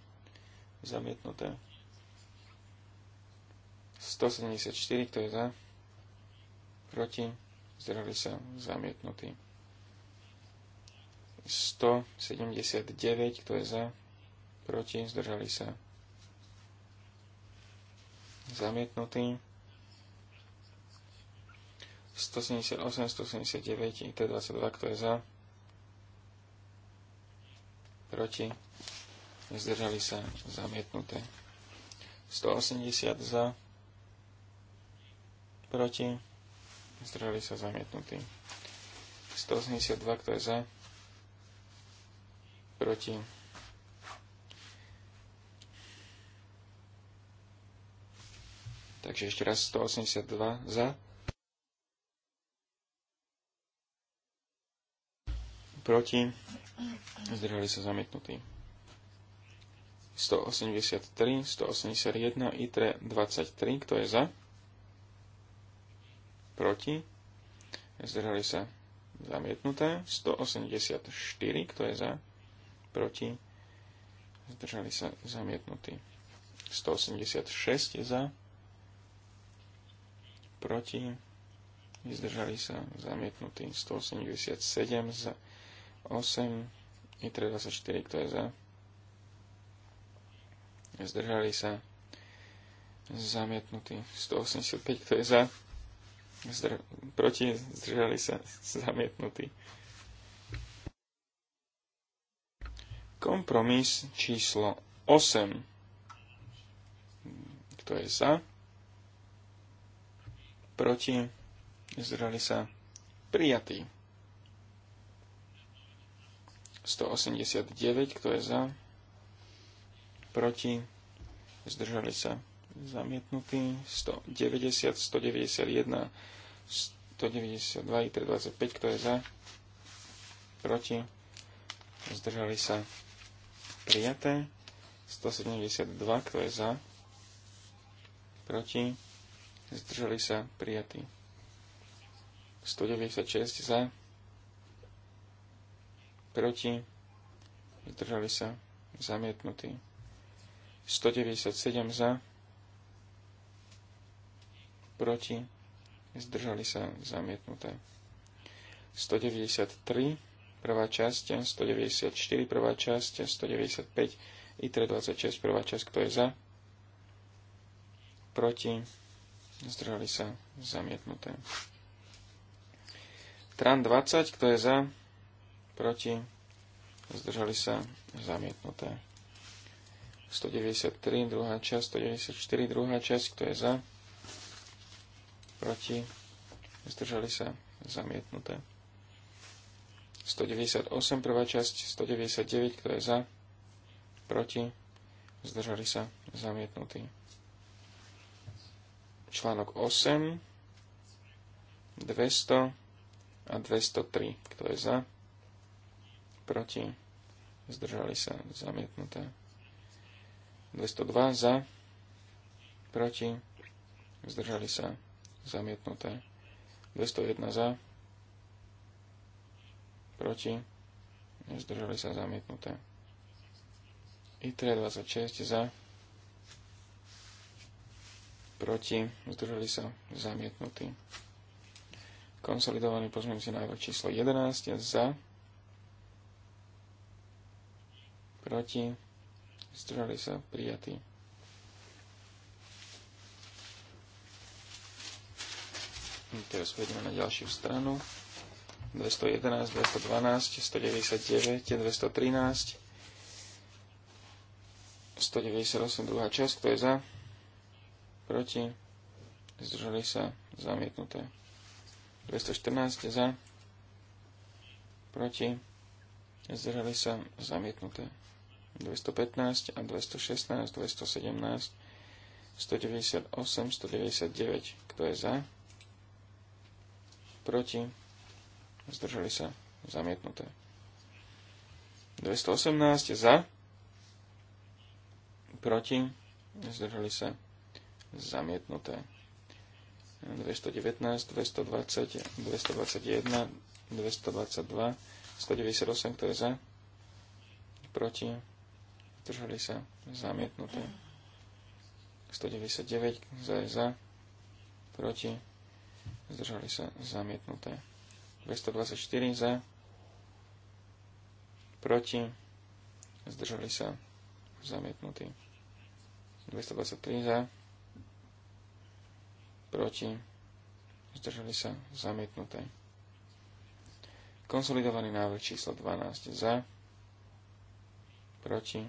zamietnuté. 174, kto je za, proti, zdržali sa, zamietnutý. 179, kto je za, proti, zdržali sa, zamietnutý. 178, 179, IT22, kto je za, proti, zdržali sa zamietnuté. 180 za, proti, zdržali sa zamietnutí. 182, kto je za, proti, Takže ešte raz 182 za. Proti zdrhali sa zamietnutí. 183, 181, ITRE 23, kto je za? Proti? Zdržali sa zamietnuté. 184, kto je za? Proti? Zdržali sa zamietnutí. 186 je za? Proti? Zdržali sa zamietnutí. 187 za 8, i 24, kto je za, zdržali sa, zamietnutý, 185, kto je za, Zdr- proti, zdržali sa, *laughs* zamietnutý. Kompromis číslo 8. Kto je za? Proti, zdržali sa, prijatý. 189, kto je za, proti, zdržali sa zamietnutí, 190, 191, 192 i 325, kto je za, proti, zdržali sa prijaté, 172, kto je za, proti, zdržali sa prijatí, 196 za, proti, zdržali sa, zamietnutí. 197 za, proti, zdržali sa, zamietnuté. 193, prvá časť, 194, prvá časť, 195, ITRE 26, prvá časť, kto je za, proti, zdržali sa, zamietnuté. TRAN 20, kto je za, proti, zdržali sa zamietnuté. 193, druhá časť, 194, druhá časť, kto je za, proti, zdržali sa zamietnuté. 198, prvá časť, 199, kto je za, proti, zdržali sa zamietnutí. Článok 8, 200 a 203, kto je za, proti, zdržali sa zamietnuté. 202 za, proti, zdržali sa zamietnuté. 201 za, proti, zdržali sa zamietnuté. ITRE 26 za, proti, zdržali sa zamietnutí. Konsolidovaný pozmeňujúci návrh číslo 11 za, proti, zdržali sa, prijatí. Teraz pôjdeme na ďalšiu stranu. 211, 212, 199, 213, 198, druhá časť, kto je za, proti, zdržali sa, zamietnuté. 214 za, proti, zdržali sa, zamietnuté. 215 a 216, 217, 198, 199. Kto je za? Proti? Zdržali sa? Zamietnuté. 218 je za? Proti? Zdržali sa? Zamietnuté. 219, 220, 221, 222, 198, kto je za? Proti? Držali sa, zamietnuté. 199 za za, proti, zdržali sa, zamietnuté. 224 za, proti, zdržali sa, zamietnutí. 223 za, proti, zdržali sa, zamietnuté. Konsolidovaný návrh číslo 12 za, proti,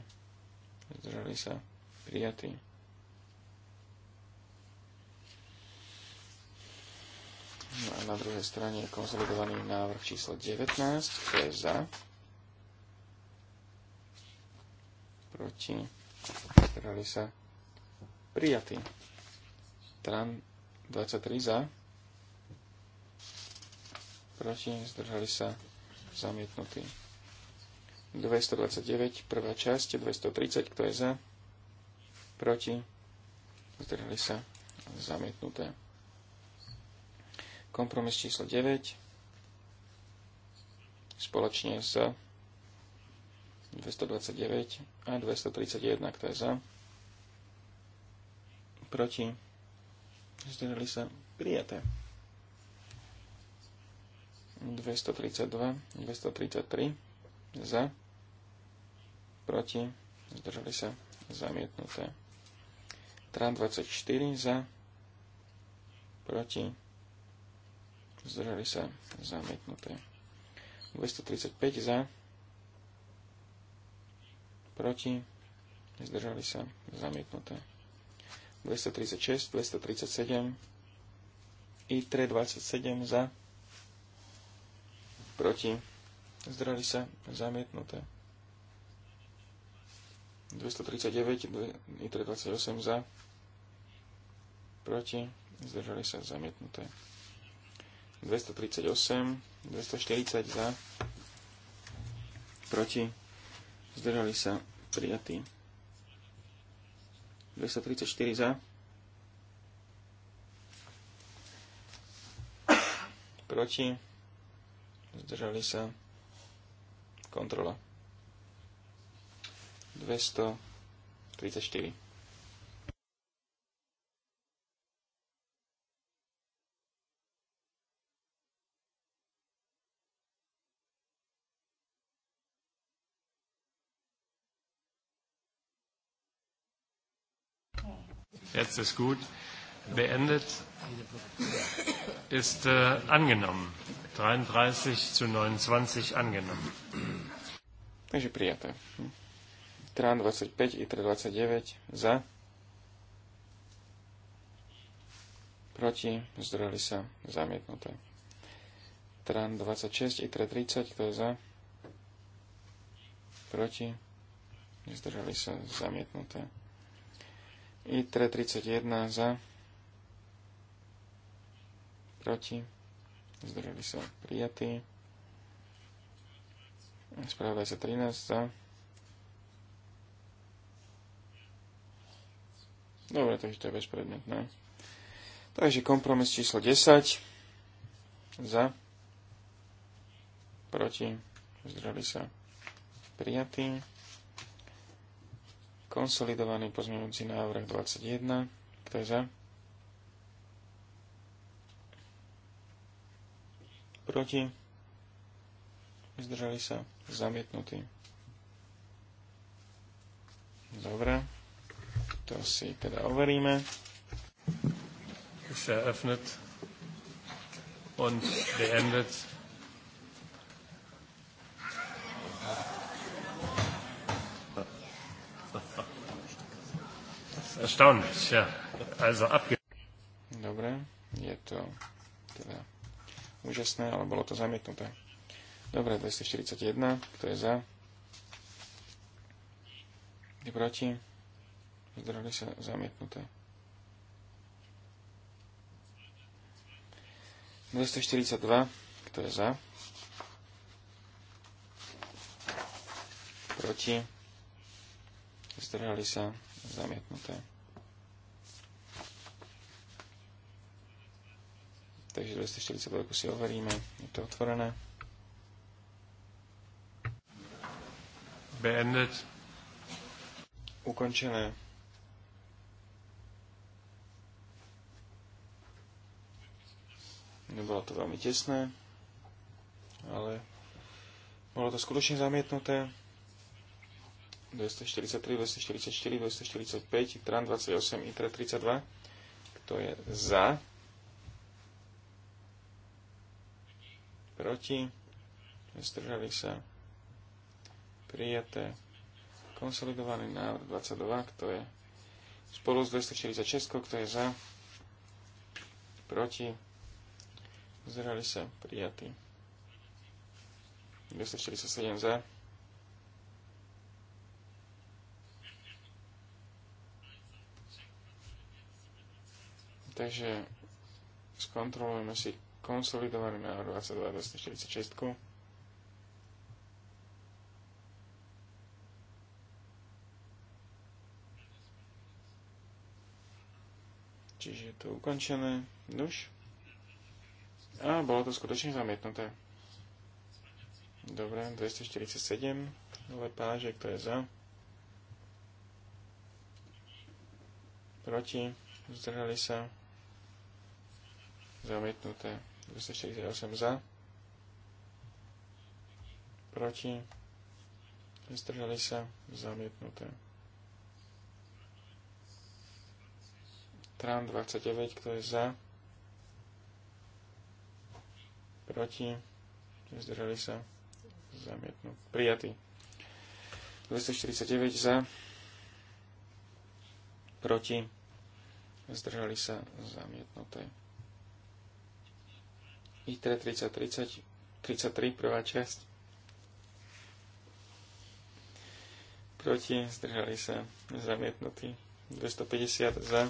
zdržali sa prijatí. No a na druhej strane je konsolidovaný návrh číslo 19, kto je za, proti, zdržali sa prijatí. Tran 23 za, proti, zdržali sa zamietnutí. 229, prvá časť, 230, kto je za, proti, Zdrhali sa, zamietnuté. Kompromis číslo 9, spoločne s 229 a 231, kto je za, proti, Zdrhali sa, prijaté. 232, 233, za, proti, zdržali sa, zamietnuté. Tran 24 za, proti, zdržali sa, zamietnuté. 235 za, proti, zdržali sa, zamietnuté. 236, 237, i 327 za, proti, zdrali sa zamietnuté. 239, ITRE 28 za, proti, zdržali sa zamietnuté. 238, 240 za, proti, zdržali sa prijatí. 234 za, proti, zdržali sa Kontrola. 234. Jetzt ist gut. Beendet ist äh, angenommen. 33 zu 29 angenommen. Takže prijaté. Trán 25, i 29 za. Proti, zdrojili sa, zamietnuté. Tran 26, ITRE 30, kto je za? Proti, zdrojili sa, zamietnuté. ITRE 31 za. Proti, zdrojili sa, prijatý. Spravodaj sa 13 Dobre, takže to je bezpredmetné. Takže kompromis číslo 10 za. Proti. Zdrali sa. Prijatý. Konsolidovaný pozmeňujúci návrh 21. Kto je za? Proti. Zdržali sa zamietnutý. Dobre, to si teda overíme. Ist eröffnet und beendet. Erstaunlich, ja. Also abge Dobre, je to teda úžasné, ale bolo to zamietnuté. Dobre, 241, kto je za? Kde proti? Zdravili sa zamietnuté. 242, kto je za? Proti? Zdrhali sa zamietnuté. Takže 242 si overíme, je to otvorené. beendet. Ukončené. Nebolo no, to veľmi tesné, ale bolo to skutočne zamietnuté. 243, 244, 245, TRAN 28, ITRE 32. Kto je za? Proti? Zdržali sa prijaté. Konsolidovaný návrh 22, kto je spolu s 246, kto je za, proti, zdržali sa, prijatý. 247 za. Takže skontrolujeme si konsolidovaný návrh 22 246. Čiže je to ukončené. Nuž. A bolo to skutočne zamietnuté. Dobre, 247. Lepáže, kto je za? Proti. Zdrhali sa. Zamietnuté. 248 za. Proti. zdrhali sa. Zamietnuté. Trump 29, kto je za, proti, zdržali sa, zamietnú, prijatý. 249 za, proti, zdržali sa, zamietnuté. ITRE 30, 30, 33, prvá časť. Proti, zdržali sa, zamietnutý. 250 za,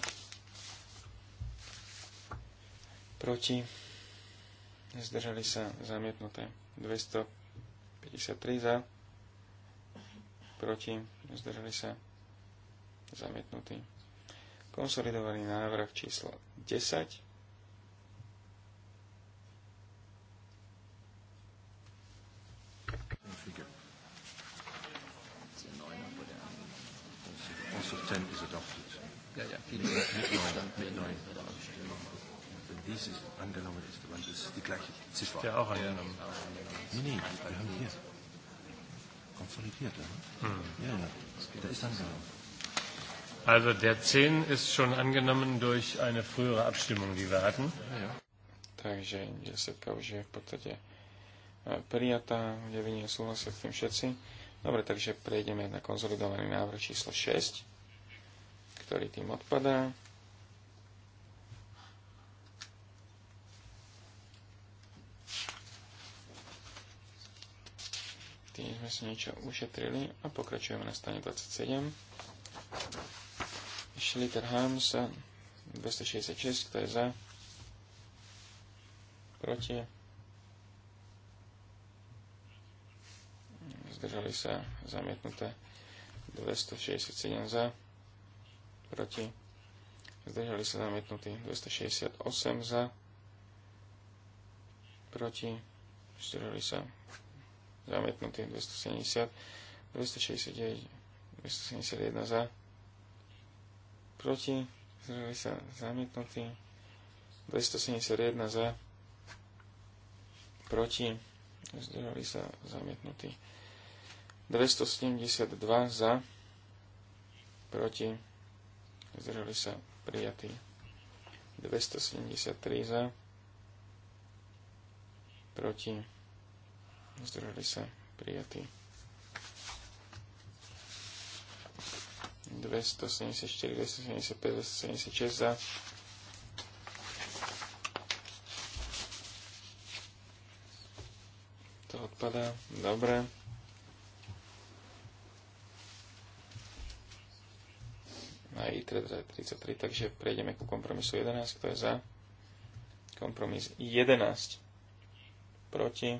proti, zdržali sa zamietnuté 253 za, proti, zdržali sa zamietnutý. Konsolidovaný návrh číslo 10 Ja, ja, vielen Dank. Dies angenommen ist, aber ist die gleiche Ziffer. Ja, auch angenommen. Nee, nee, wir haben hier konsolidiert. Ne? Hm. Ja, ja, da ist angenommen. Also der 10 ist schon angenommen durch eine frühere Abstimmung, die wir hatten. Ja, ja. Takže 10 už je v podstate e, prijatá, kde vynie súhlasia s tým všetci. Dobre, takže prejdeme na konzolidovaný návrh číslo 6, ktorý tým odpadá. tým sme si niečo ušetrili a pokračujeme na stane 27. Schlitter Hams 266, kto je za, proti, zdržali sa zamietnuté 267 za, proti, zdržali sa zamietnutí 268 za, proti, zdržali sa zamietnutý 270, 269, 271 za, proti, zdržali sa zamietnutí, 271 za, proti, zdrhali sa zamietnutí, 272 za, proti, zdržali sa prijatý, 273 za, proti, zdržali sa prijatí. 274, 275, 276 za. To odpadá. Dobre. Na ITRE 33, takže prejdeme ku kompromisu 11, kto je za. Kompromis 11 proti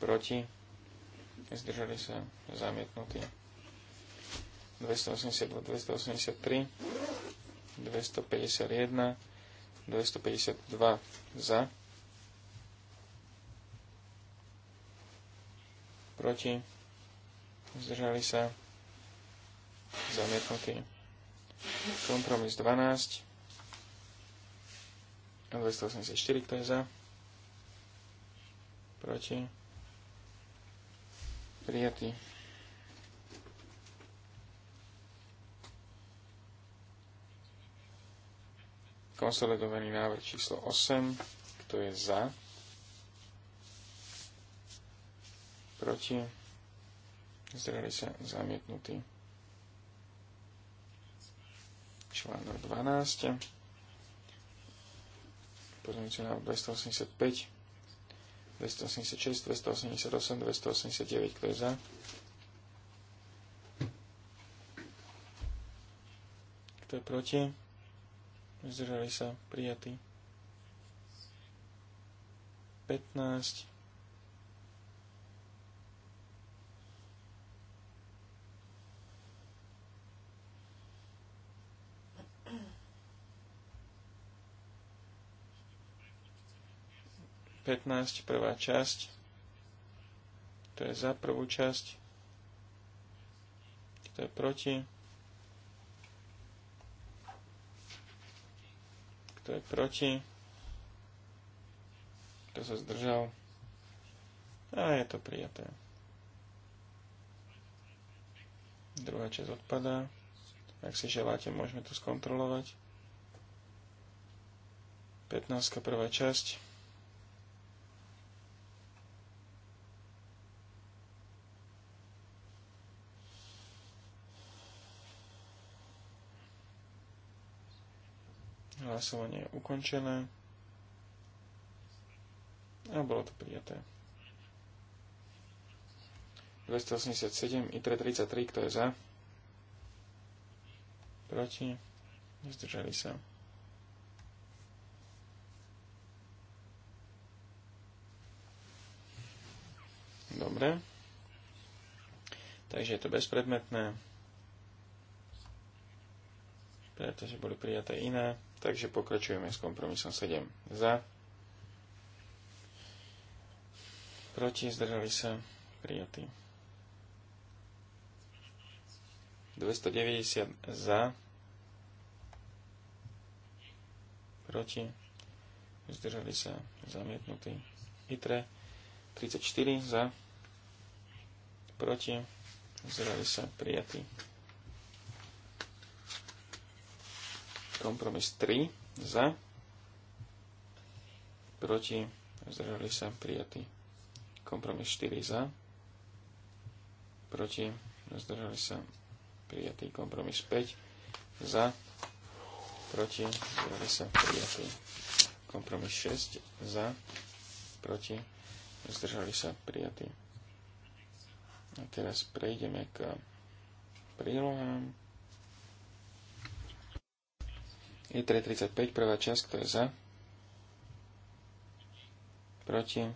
proti, zdržali sa zamietnutí. 282, 283, 251, 252 za, proti, zdržali sa zamietnutí. Kompromis 12, 284, kto je za, proti, prijatý. Konsolidovaný návrh číslo 8. Kto je za? Proti? Zdrali sa zamietnutý. Článok 12. Pozornice návrh 285 286, 288, 289, kto je za? Kto je proti? Zdržali sa prijatí. 15, 15, prvá časť. To je za prvú časť. To je proti. Kto je proti? Kto sa zdržal? A je to prijaté. Druhá časť odpadá. Ak si želáte, môžeme to skontrolovať. 15. prvá časť. Hlasovanie je ukončené. A bolo to prijaté. 287, ITRE 33, kto je za? Proti? Nezdržali sa. Dobre. Takže je to bezpredmetné, pretože boli prijaté iné. Takže pokračujeme s kompromisom 7 za. Proti zdržali sa prijatí. 290 za. Proti. Zdržali sa zamietnutí. ITRE 34 za. Proti. Zdržali sa prijatí. Kompromis 3 za, proti, zdržali sa prijatí. Kompromis 4 za, proti, zdržali sa prijatý. Kompromis 5 za, proti, zdržali sa prijatí. Kompromis 6 za, proti, zdržali sa prijatí. A teraz prejdeme k prílohám. I 35, prvá časť, kto je za? Proti?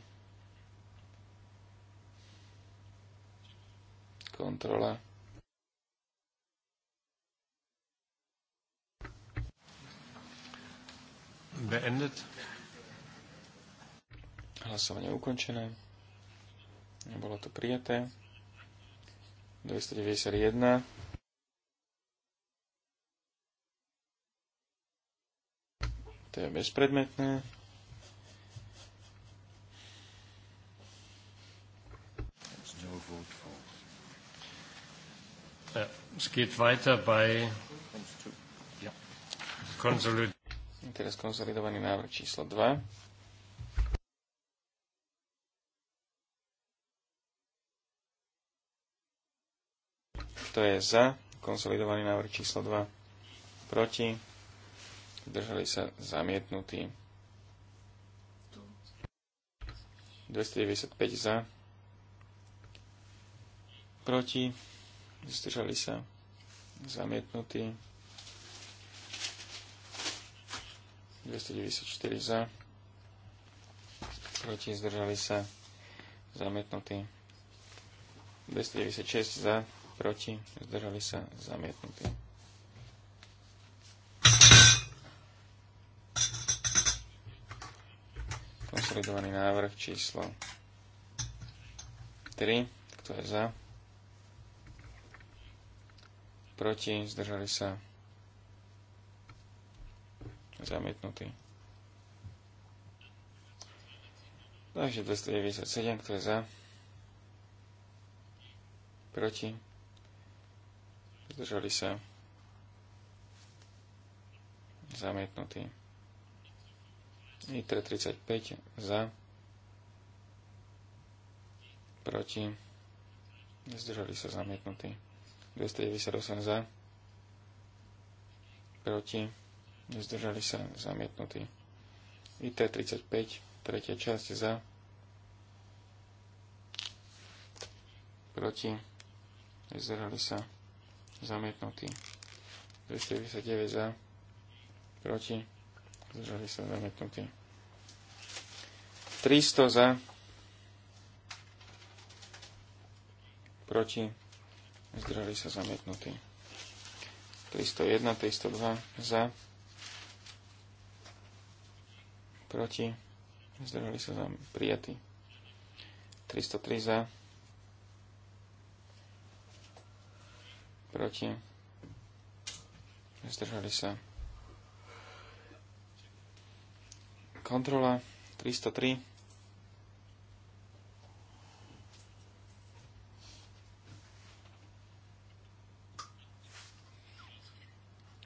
Kontrola. Beendet. Hlasovanie ukončené. Bolo to prijaté. 291. to je bezpredmetné. Es geht weiter bei Teraz konsolidovaný návrh číslo 2. Kto je za konsolidovaný návrh číslo 2? Proti? zdržali sa zamietnutí. 295 za, proti, zdržali sa zamietnutí. 294 za, proti, zdržali sa zamietnutí. 296 za, proti, zdržali sa zamietnutí. konsolidovaný návrh číslo 3. Kto je za? Proti? Zdržali sa? Zamietnutý. Takže 297. Kto je za? Proti? Zdržali sa? Zamietnutý. ITRE 35 za, proti, zdržali sa zamietnutí. 298 za, proti, zdržali sa zamietnutí. IT 35, tretia časť za, proti, zdržali sa zamietnutí. 299 za, proti, zdržali sa zamietnutí. 300 za, proti, zdržali sa zamietnutí. 301, 302 za, proti, zdržali sa zam, prijatí. 303 za, proti, zdržali sa kontrola 303.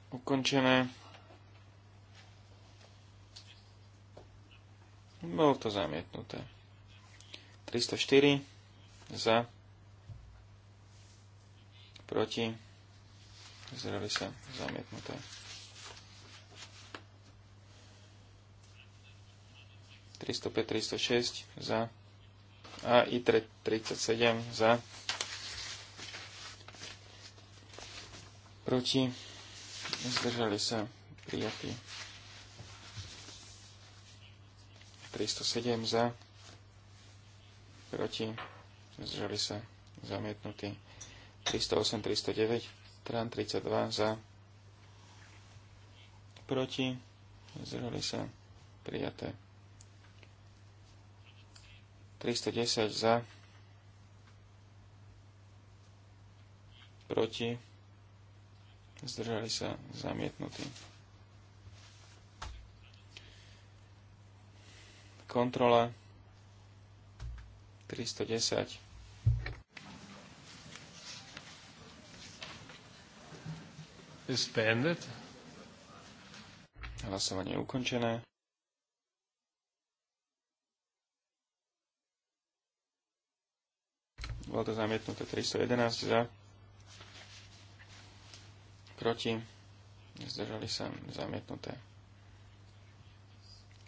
Ukončené. Bolo to zamietnuté. 304 za proti zdreli sa zamietnuté. 305, 306 za a i 37 za proti zdržali sa prijatí 307 za proti zdržali sa zamietnutí 308, 309 TRAN 32 za proti zdržali sa prijaté 310 za, proti, zdržali sa zamietnutí. Kontrola 310. Ist Hlasovanie je ukončené. Bolo to zamietnuté 311 za. Proti. Zdržali sa zamietnuté.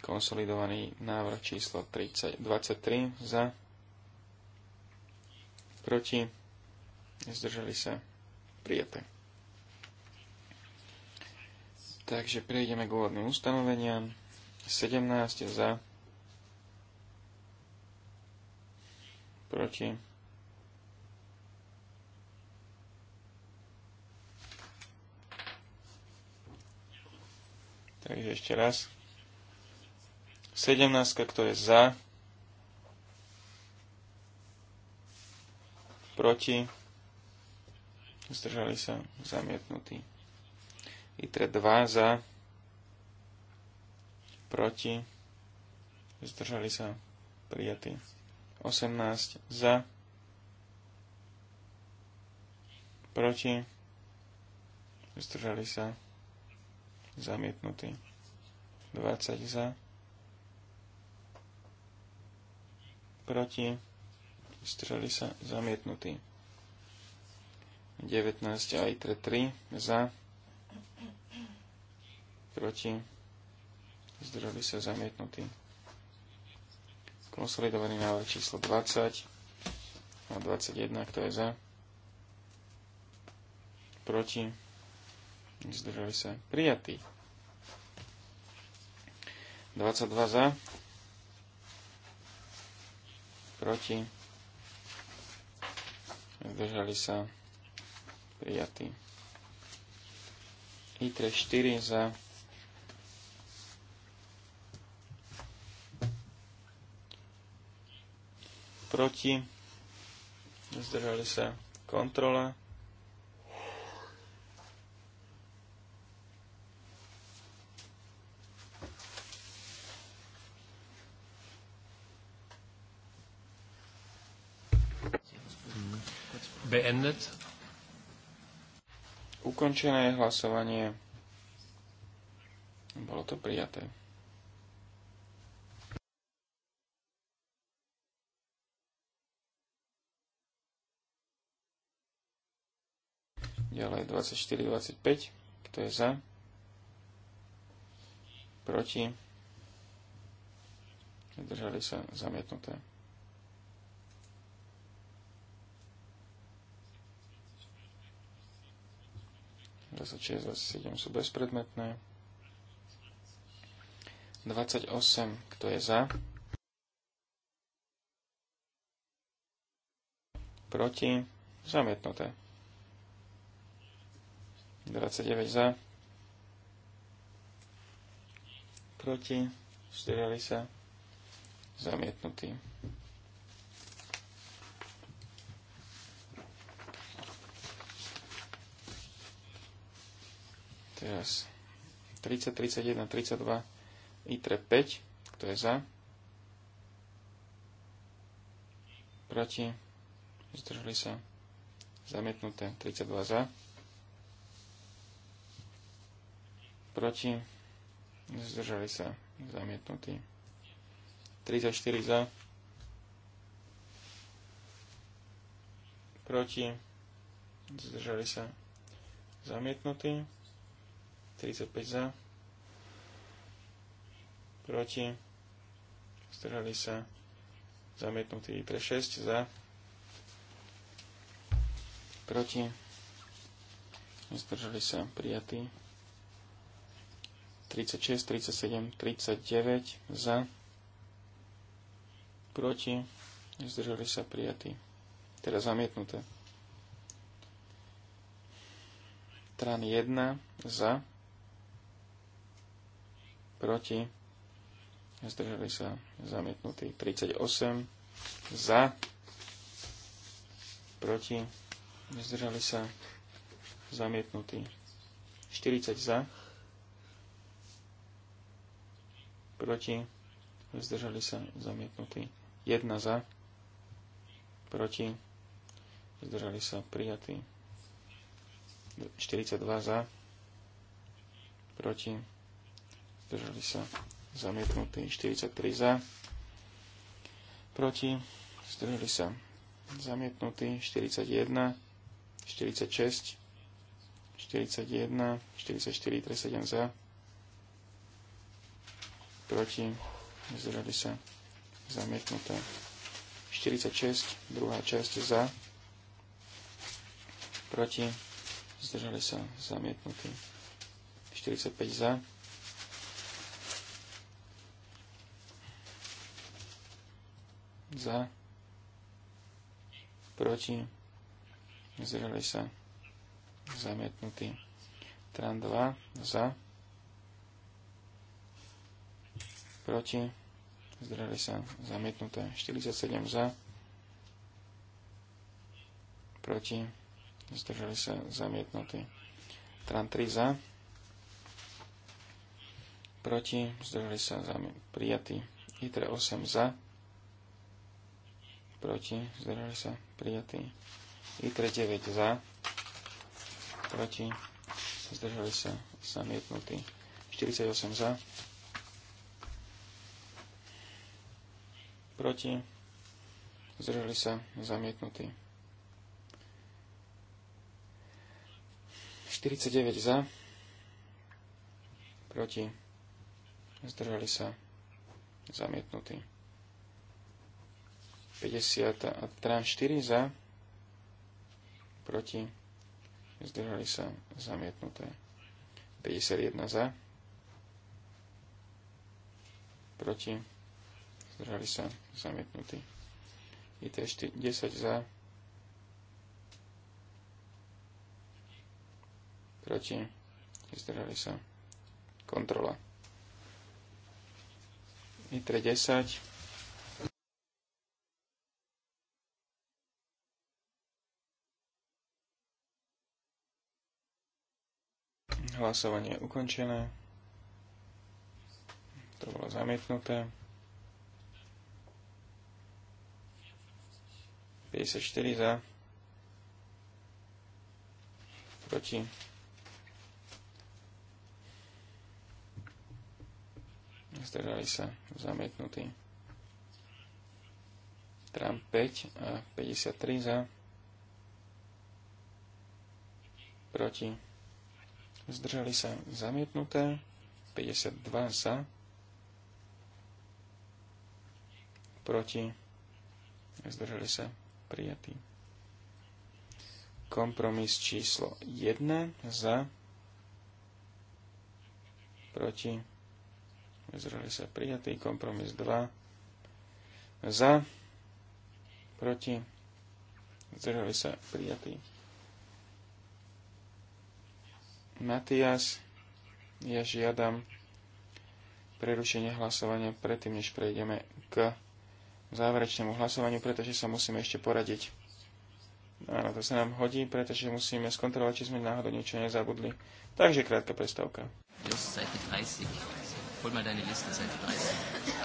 Konsolidovaný návrh číslo 30, 23 za. Proti. Zdržali sa prijaté. Takže prejdeme k úvodným ustanoveniam. 17 za. Proti Takže ešte raz. 17, kto je za, proti, zdržali sa, zamietnutí. ITRE 2 za, proti, zdržali sa, prijatí. 18 za, proti, zdržali sa, zamietnutý. 20 za, proti, streli sa, zamietnutý. 19 a ITRE 3 za, proti, zdreli sa, zamietnutý. Konsolidovaný návrh číslo 20 a 21, kto je za, proti, zdržali sa Prijatý. 22 za, proti, zdržali sa Prijatý. I3, 4 za, proti, zdržali sa kontrola. beendet. Ukončené je hlasovanie. Bolo to prijaté. Ďalej 24-25. Kto je za? Proti? Zdržali sa zamietnuté. 26, 27 sú bezpredmetné. 28, kto je za? Proti? Zamietnuté. 29 za. Proti? Zdržali sa. Zamietnutý. Teraz 30, 31, 32, ITRE 5, kto je za? Proti? Zdržali sa? Zamietnuté 32 za. Proti? Zdržali sa? Zamietnutí 34 za. Proti? Zdržali sa? Zamietnutí 35 za, proti, Strhali sa, zamietnutý pre 6 za, proti, zdržali sa, prijatý 36, 37, 39 za, proti, zdržali sa, prijatý, teda zamietnuté. Tran 1 za, proti, zdržali sa zamietnutí 38, za, proti, zdržali sa zamietnutí 40 za, proti, zdržali sa zamietnutí 1 za, proti, zdržali sa prijatí 42 za, proti, zdržali sa zamietnutí, 43 za, proti, zdržali sa zamietnutí, 41, 46, 41, 44, 37 za, proti, zdržali sa zamietnuté, 46, druhá časť za, proti, zdržali sa zamietnutí, 45 za, za, proti, zdržali sa, zamietnutý. Tran 2 za, proti, zdržali sa, zamietnuté. 47 za, proti, zdržali sa, zamietnutý. Tran 3 za, proti, zdržali sa, zamietnutý. Prijatý. ITRE 8 za, proti, zdržali sa, prijatý. I3 9 za, proti, zdržali sa, zamietnutý. 48 za, proti, zdržali sa, zamietnutý. 49 za, proti, zdržali sa, zamietnutý. 50 a 4 za, proti, zdržali sa zamietnuté. 51 za, proti, zdržali sa zamietnutí. IT 10 za, proti, zdržali sa kontrola. ITRE 10 Hlasovanie je ukončené. To bolo zamietnuté. 54 za. Proti. Zdržali sa zamietnutí. Trump 5 a 53 za. Proti zdržali sa zamietnuté, 52 za, proti, zdržali sa prijatí. Kompromis číslo 1 za, proti, zdržali sa prijatí. Kompromis 2 za, proti, zdržali sa prijatí Matias. Ja žiadam prerušenie hlasovania predtým, než prejdeme k záverečnému hlasovaniu, pretože sa musíme ešte poradiť. Áno, to sa nám hodí, pretože musíme skontrolovať, či sme náhodou niečo nezabudli. Takže krátka prestávka. Just 30. Hol mal deine Liste, 30.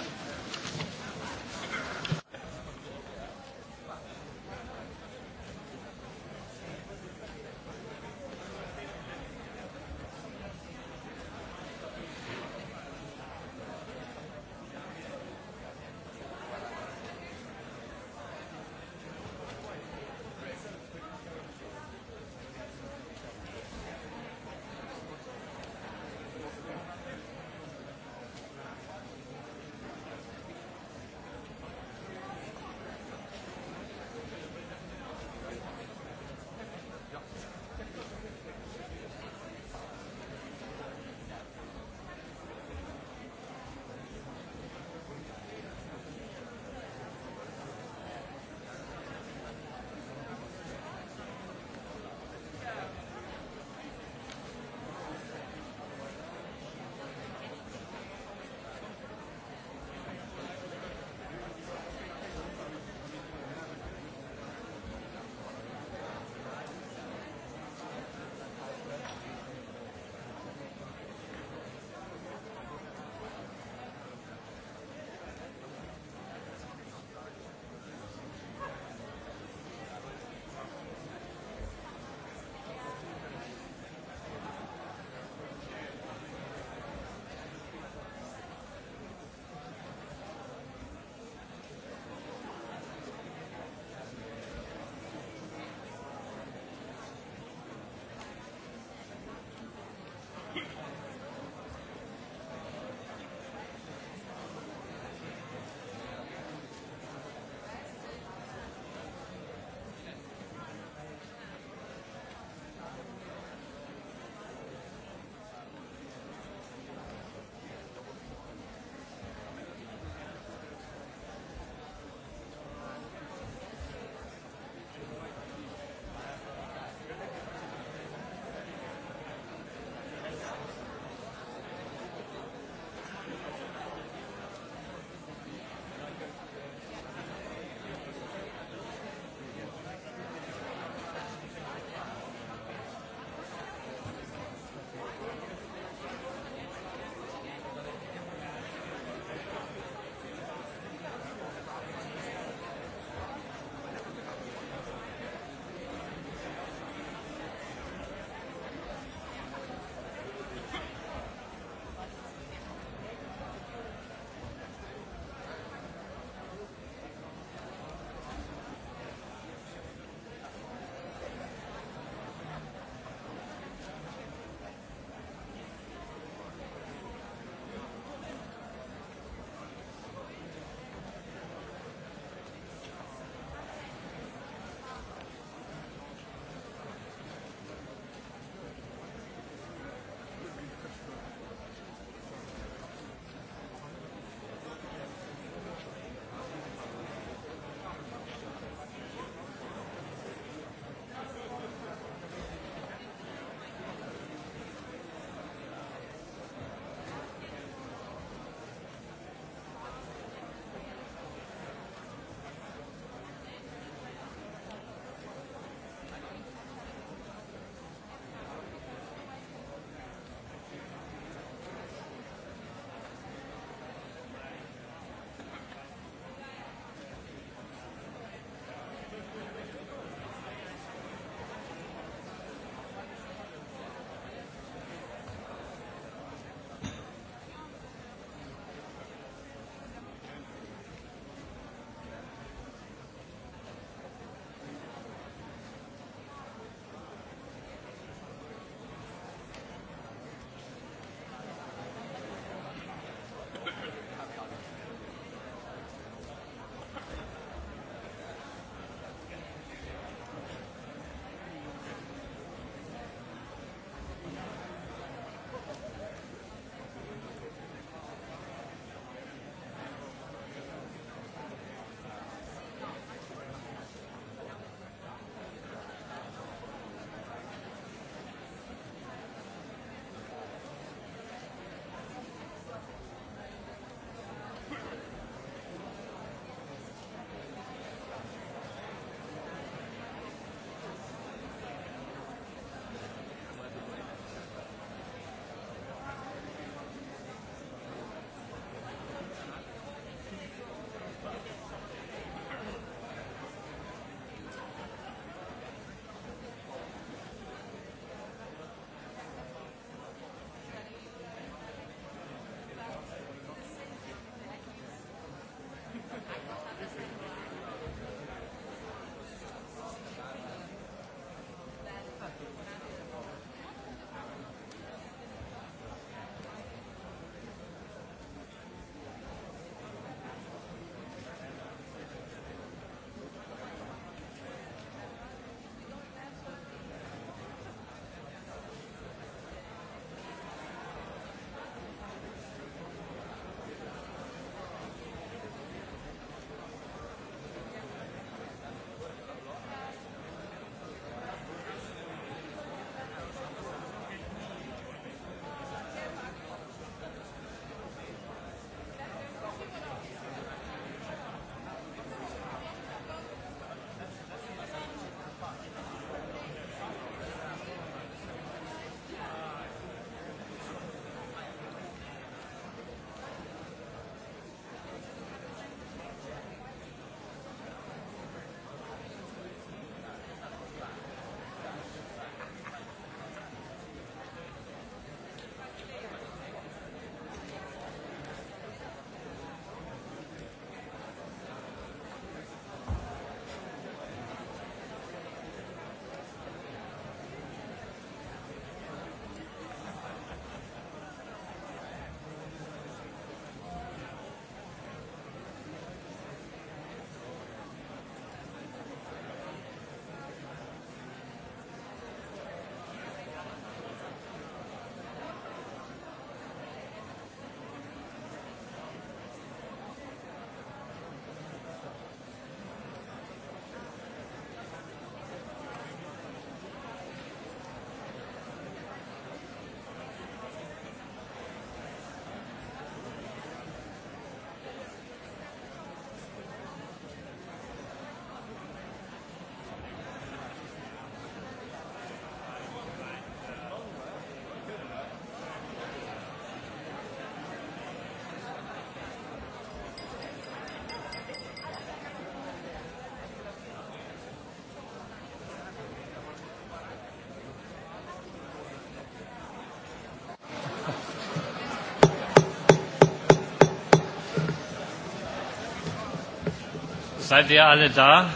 Seid ihr alle da?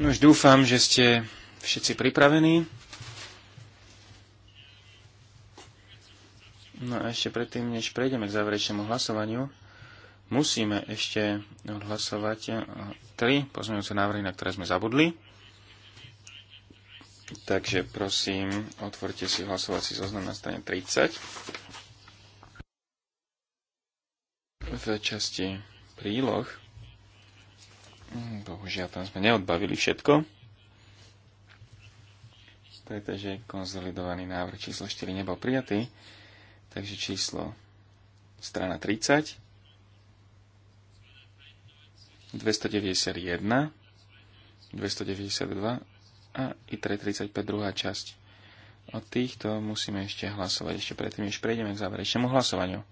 No už dúfam, že ste všetci pripravení. No a ešte predtým, než prejdeme k záverečnému hlasovaniu, musíme ešte odhlasovať eh, tri pozmeňujúce návrhy, na ktoré sme zabudli. Takže prosím, otvorte si hlasovací zoznam na strane 30. V časti príloh Mm, bohužiaľ, tam sme neodbavili všetko. že konzolidovaný návrh číslo 4 nebol prijatý. Takže číslo strana 30. 291, 292 a ITRE 35 druhá časť. O týchto musíme ešte hlasovať, ešte predtým, než prejdeme k záverečnému hlasovaniu.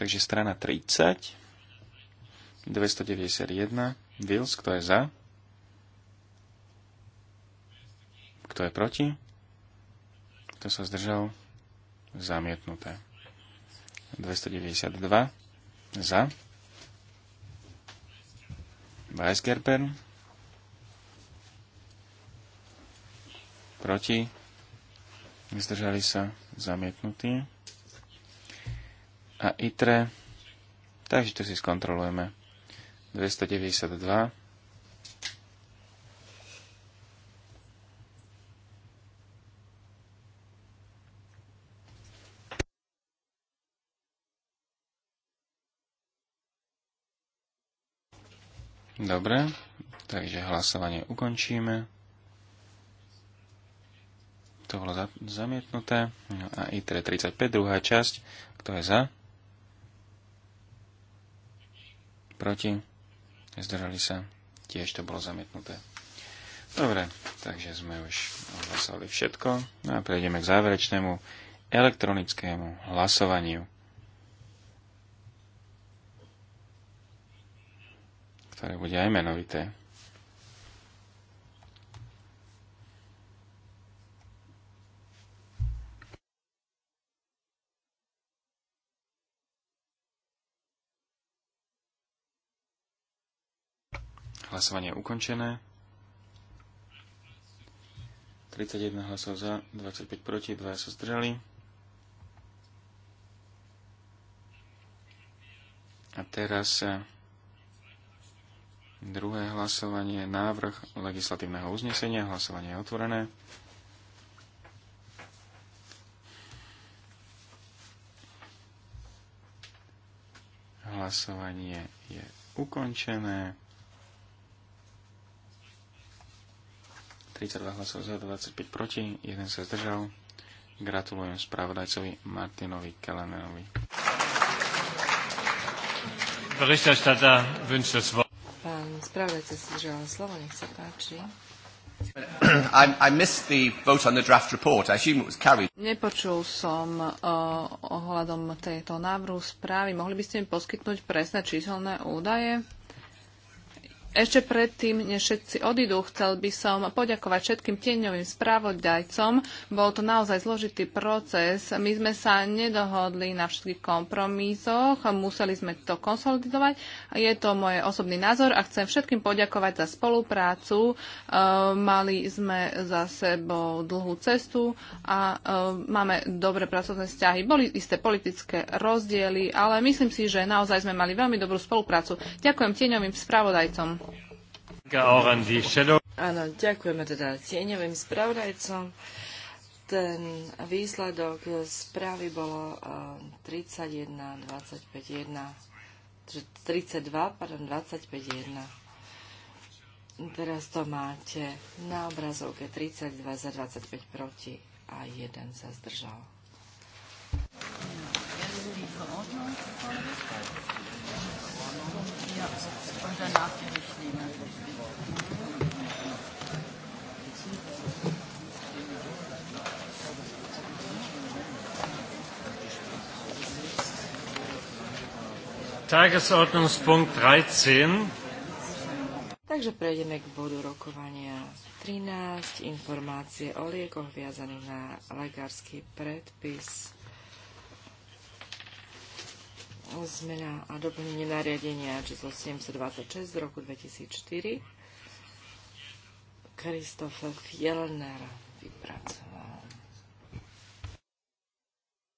Takže strana 30, 291, Wills, kto je za? Kto je proti? Kto sa zdržal? Zamietnuté. 292 za. Weisgerber. Proti. Zdržali sa zamietnutí. A ITRE. Takže to si skontrolujeme. 292. Dobre, takže hlasovanie ukončíme. To bolo za- zamietnuté. No a ITRE 35, druhá časť. Kto je za? Proti? Zdržali sa. Tiež to bolo zamietnuté. Dobre, takže sme už hlasovali všetko. No a prejdeme k záverečnému elektronickému hlasovaniu. Ktoré bude aj menovité. Hlasovanie je ukončené. 31 hlasov za, 25 proti, 2 sa zdržali. A teraz eh, druhé hlasovanie, návrh legislatívneho uznesenia. Hlasovanie je otvorené. Hlasovanie je ukončené. 32 hlasov za, 25 proti, jeden sa zdržal. Gratulujem spravodajcovi Martinovi Kelanenovi. Pán spravodajca si želal slovo, nech sa páči. I, I missed the vote on the draft report. I assume it was carried. Nepočul som uh, ohľadom tejto návrhu správy. Mohli by ste mi poskytnúť presné číselné údaje? Ešte predtým, než všetci odídu, chcel by som poďakovať všetkým tieňovým spravodajcom. Bol to naozaj zložitý proces. My sme sa nedohodli na všetkých kompromisoch, museli sme to konsolidovať. Je to môj osobný názor a chcem všetkým poďakovať za spoluprácu. E, mali sme za sebou dlhú cestu a e, máme dobré pracovné vzťahy. Boli isté politické rozdiely, ale myslím si, že naozaj sme mali veľmi dobrú spoluprácu. Ďakujem tieňovým spravodajcom. Áno, ďakujeme teda tieňovým spravodajcom. Ten výsledok správy bolo 31, 25, 1, 32, pardon, 25, 1. Teraz to máte na obrazovke 32 za 25 proti a jeden sa zdržal. Ja, ja Tagesordnungspunkt 13. Takže prejdeme k bodu rokovania 13, informácie o liekoch viazaných na lekársky predpis. Zmena a doplnenie nariadenia číslo 726 z roku 2004. Kristofer Fjellner vypracoval.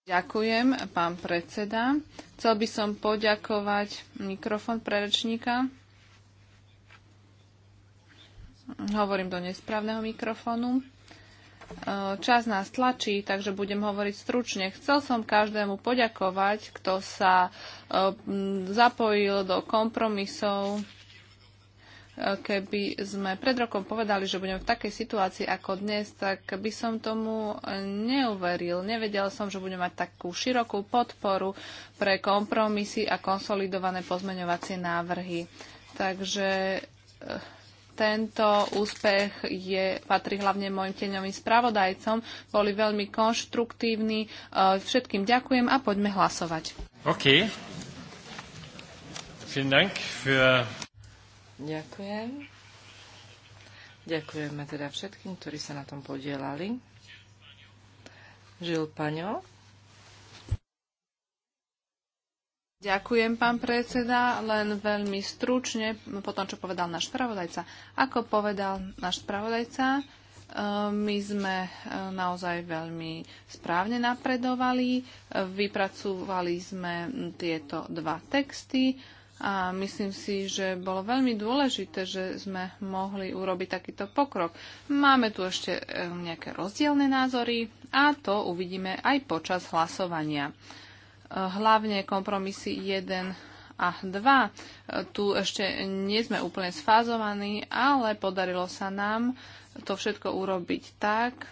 Ďakujem, pán predseda. Chcel by som poďakovať mikrofon pre rečníka. Hovorím do nesprávneho mikrofónu. E, čas nás tlačí, takže budem hovoriť stručne. Chcel som každému poďakovať, kto sa e, zapojil do kompromisov Keby sme pred rokom povedali, že budeme v takej situácii ako dnes, tak by som tomu neuveril. Nevedel som, že budeme mať takú širokú podporu pre kompromisy a konsolidované pozmeňovacie návrhy. Takže eh, tento úspech je, patrí hlavne môjim teňovým spravodajcom. Boli veľmi konštruktívni. Eh, všetkým ďakujem a poďme hlasovať. OK. Vielen Dank für Ďakujem. Ďakujeme teda všetkým, ktorí sa na tom podielali. Žil Paňo. Ďakujem, pán predseda, len veľmi stručne no, po tom, čo povedal náš spravodajca. Ako povedal náš spravodajca, e, my sme e, naozaj veľmi správne napredovali. E, vypracovali sme tieto dva texty a myslím si, že bolo veľmi dôležité, že sme mohli urobiť takýto pokrok. Máme tu ešte e, nejaké rozdielne názory a to uvidíme aj počas hlasovania. E, hlavne kompromisy 1 a 2. E, tu ešte nie sme úplne sfázovaní, ale podarilo sa nám to všetko urobiť tak,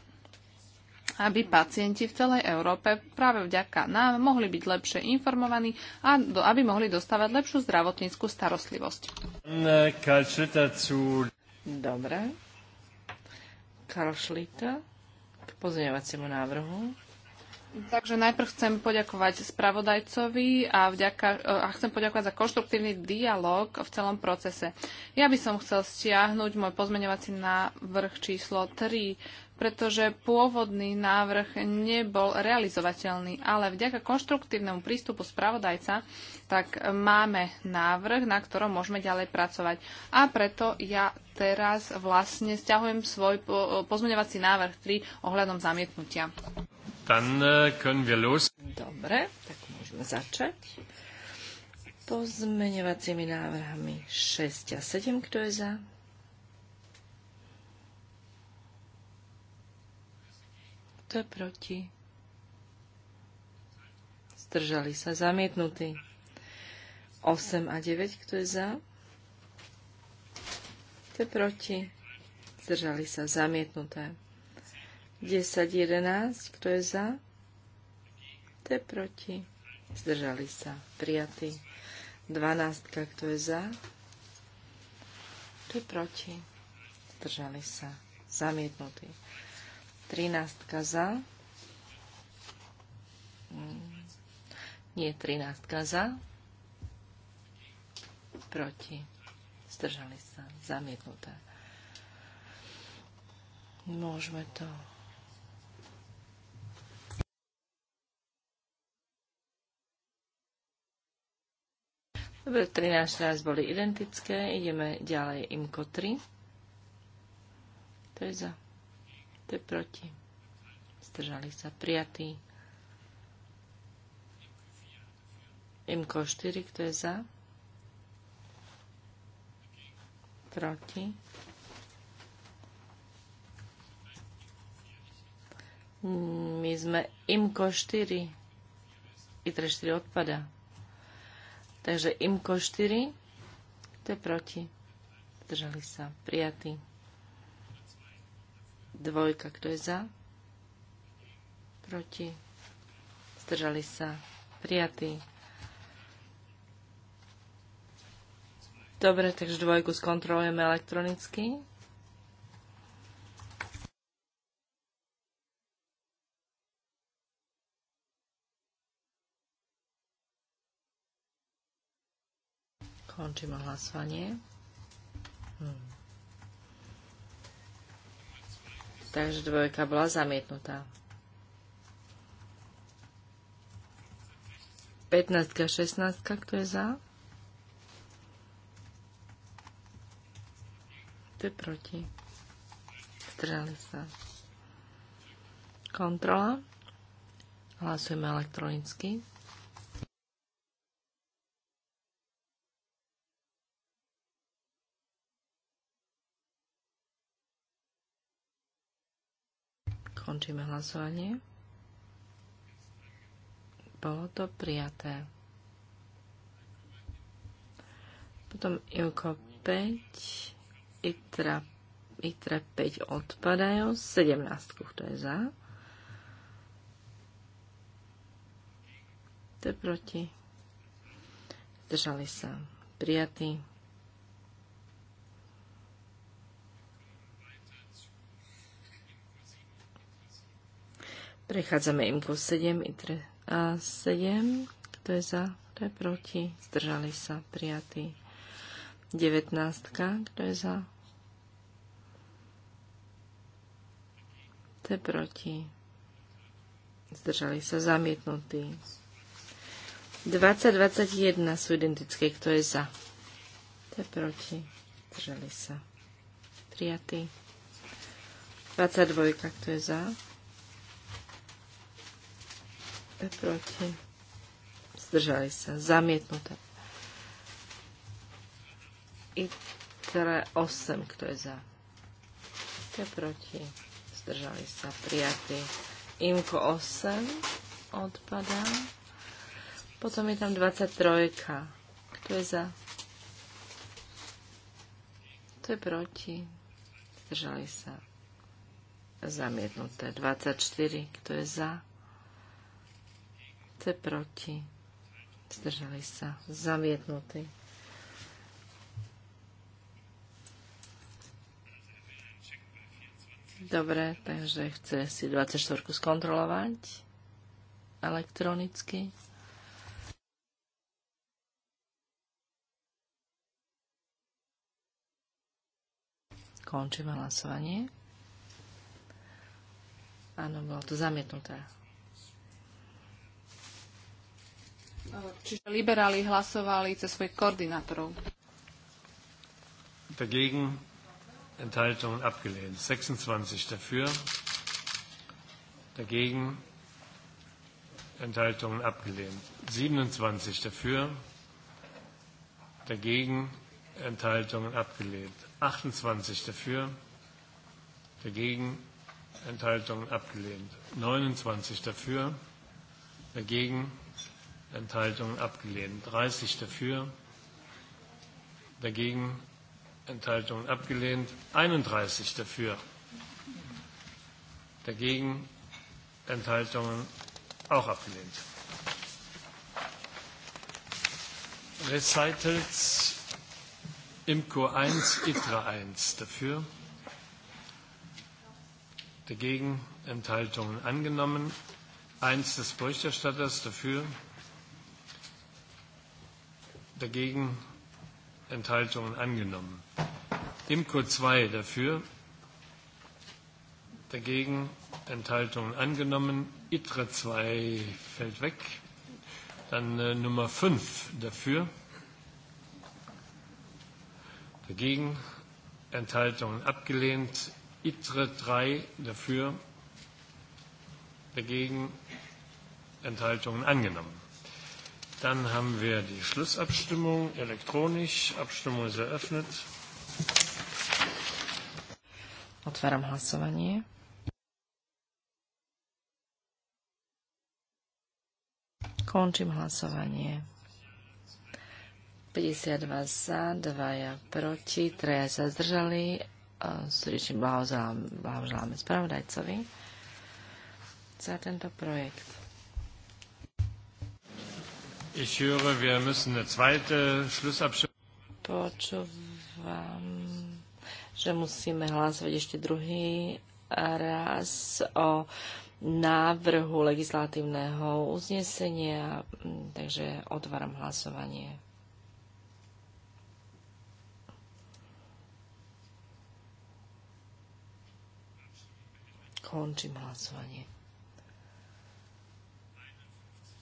aby pacienti v celej Európe práve vďaka nám mohli byť lepšie informovaní a do, aby mohli dostávať lepšiu zdravotníckú starostlivosť. Dobre. Karl k pozňovaciemu návrhu. Takže najprv chcem poďakovať spravodajcovi a, vďaka, a chcem poďakovať za konštruktívny dialog v celom procese. Ja by som chcel stiahnuť môj pozmeňovací návrh číslo 3, pretože pôvodný návrh nebol realizovateľný, ale vďaka konštruktívnemu prístupu spravodajca tak máme návrh, na ktorom môžeme ďalej pracovať. A preto ja teraz vlastne stiahujem svoj pozmeňovací návrh 3 ohľadom zamietnutia. Eh, Dobre, tak môžeme začať. Pozmeňovacími návrhami 6 a 7, kto je za? Kto je proti? Zdržali sa zamietnutí. 8 a 9. Kto je za? Kto je proti? Zdržali sa zamietnuté. 10, 11. Kto je za? Kto je proti? Zdržali sa prijatí. 12. Kto je za? Kto je proti? Zdržali sa zamietnutí. 13 za. Nie, 13 za. Proti. Zdržali sa. Zamietnuté. Môžeme to Dobre, 13, raz boli identické. Ideme ďalej. Imko 3. To je za. Kto je proti? Zdržali sa prijatí. mk 4, kto je za? Proti? My sme mk 4. ITRE 4 odpada. Takže Imko 4, kto je proti? Zdržali sa prijatí. Dvojka, kto je za? Proti? Zdržali sa. Prijatý. Dobre, takže dvojku skontrolujeme elektronicky. Končíme hlasovanie. Hmm. Takže dvojka bola zamietnutá. 15, a 16, kto je za? Kto je proti? Strali sa. Kontrola. Hlasujeme elektronicky. Končíme hlasovanie. Bolo to prijaté. Potom Ilko 5, Itra, Itra 5 odpadajú, 17, kto je za. To je proti. držali sa. Prijatý. Prechádzame im ku 7 a 7. Kto je za? Kto je proti? Zdržali sa. Prijatý. 19. Kto je za? Kto je proti? Zdržali sa. Zamietnutý. 20, 21 sú identické. Kto je za? Kto je proti? Zdržali sa. Prijatý. 22. Kto je za? proti, zdržali sa, zamietnuté. teda 8, kto je za, kto je proti, zdržali sa, prijatý. IMKO 8, odpadá. Potom je tam 23, kto je za, kto je proti, zdržali sa, zamietnuté. 24, kto je za, kto proti? Zdržali sa. Zamietnutý. Dobre, takže chce si 24 skontrolovať elektronicky. Končíme hlasovanie. Áno, bolo to zamietnuté. Čiže liberáli hlasovali cez svojich koordinátorov. Dagegen Enthaltungen abgelehnt. 26 dafür. Dagegen Enthaltungen abgelehnt. 27 dafür. Dagegen Enthaltungen abgelehnt. 28 dafür. Dagegen Enthaltungen abgelehnt. 29 dafür. Dagegen Enthaltungen abgelehnt. 30 dafür, dagegen Enthaltungen abgelehnt. 31 dafür, dagegen Enthaltungen auch abgelehnt. Recitals Imco 1, ITRA 1 dafür. Dagegen Enthaltungen angenommen. 1 des Berichterstatters dafür dagegen, Enthaltungen angenommen. Imco 2 dafür, dagegen, Enthaltungen angenommen. ITRE 2 fällt weg. Dann äh, Nummer 5 dafür, dagegen, Enthaltungen abgelehnt. ITRE 3 dafür, dagegen, Enthaltungen angenommen. Dann haben wir die Schlussabstimmung elektronisch. Abstimmung ist eröffnet. Otváram hlasovanie. Končím hlasovanie. 52 za, 2 ja proti, 3 sa zdržali. Srdečne blahoželáme spravodajcovi za tento projekt. Ich höre, wir müssen eine zweite Schlussabstimmung. Počúvam, že musíme hlasovať ešte druhý raz o návrhu legislatívneho uznesenia, takže otváram hlasovanie. Končím hlasovanie.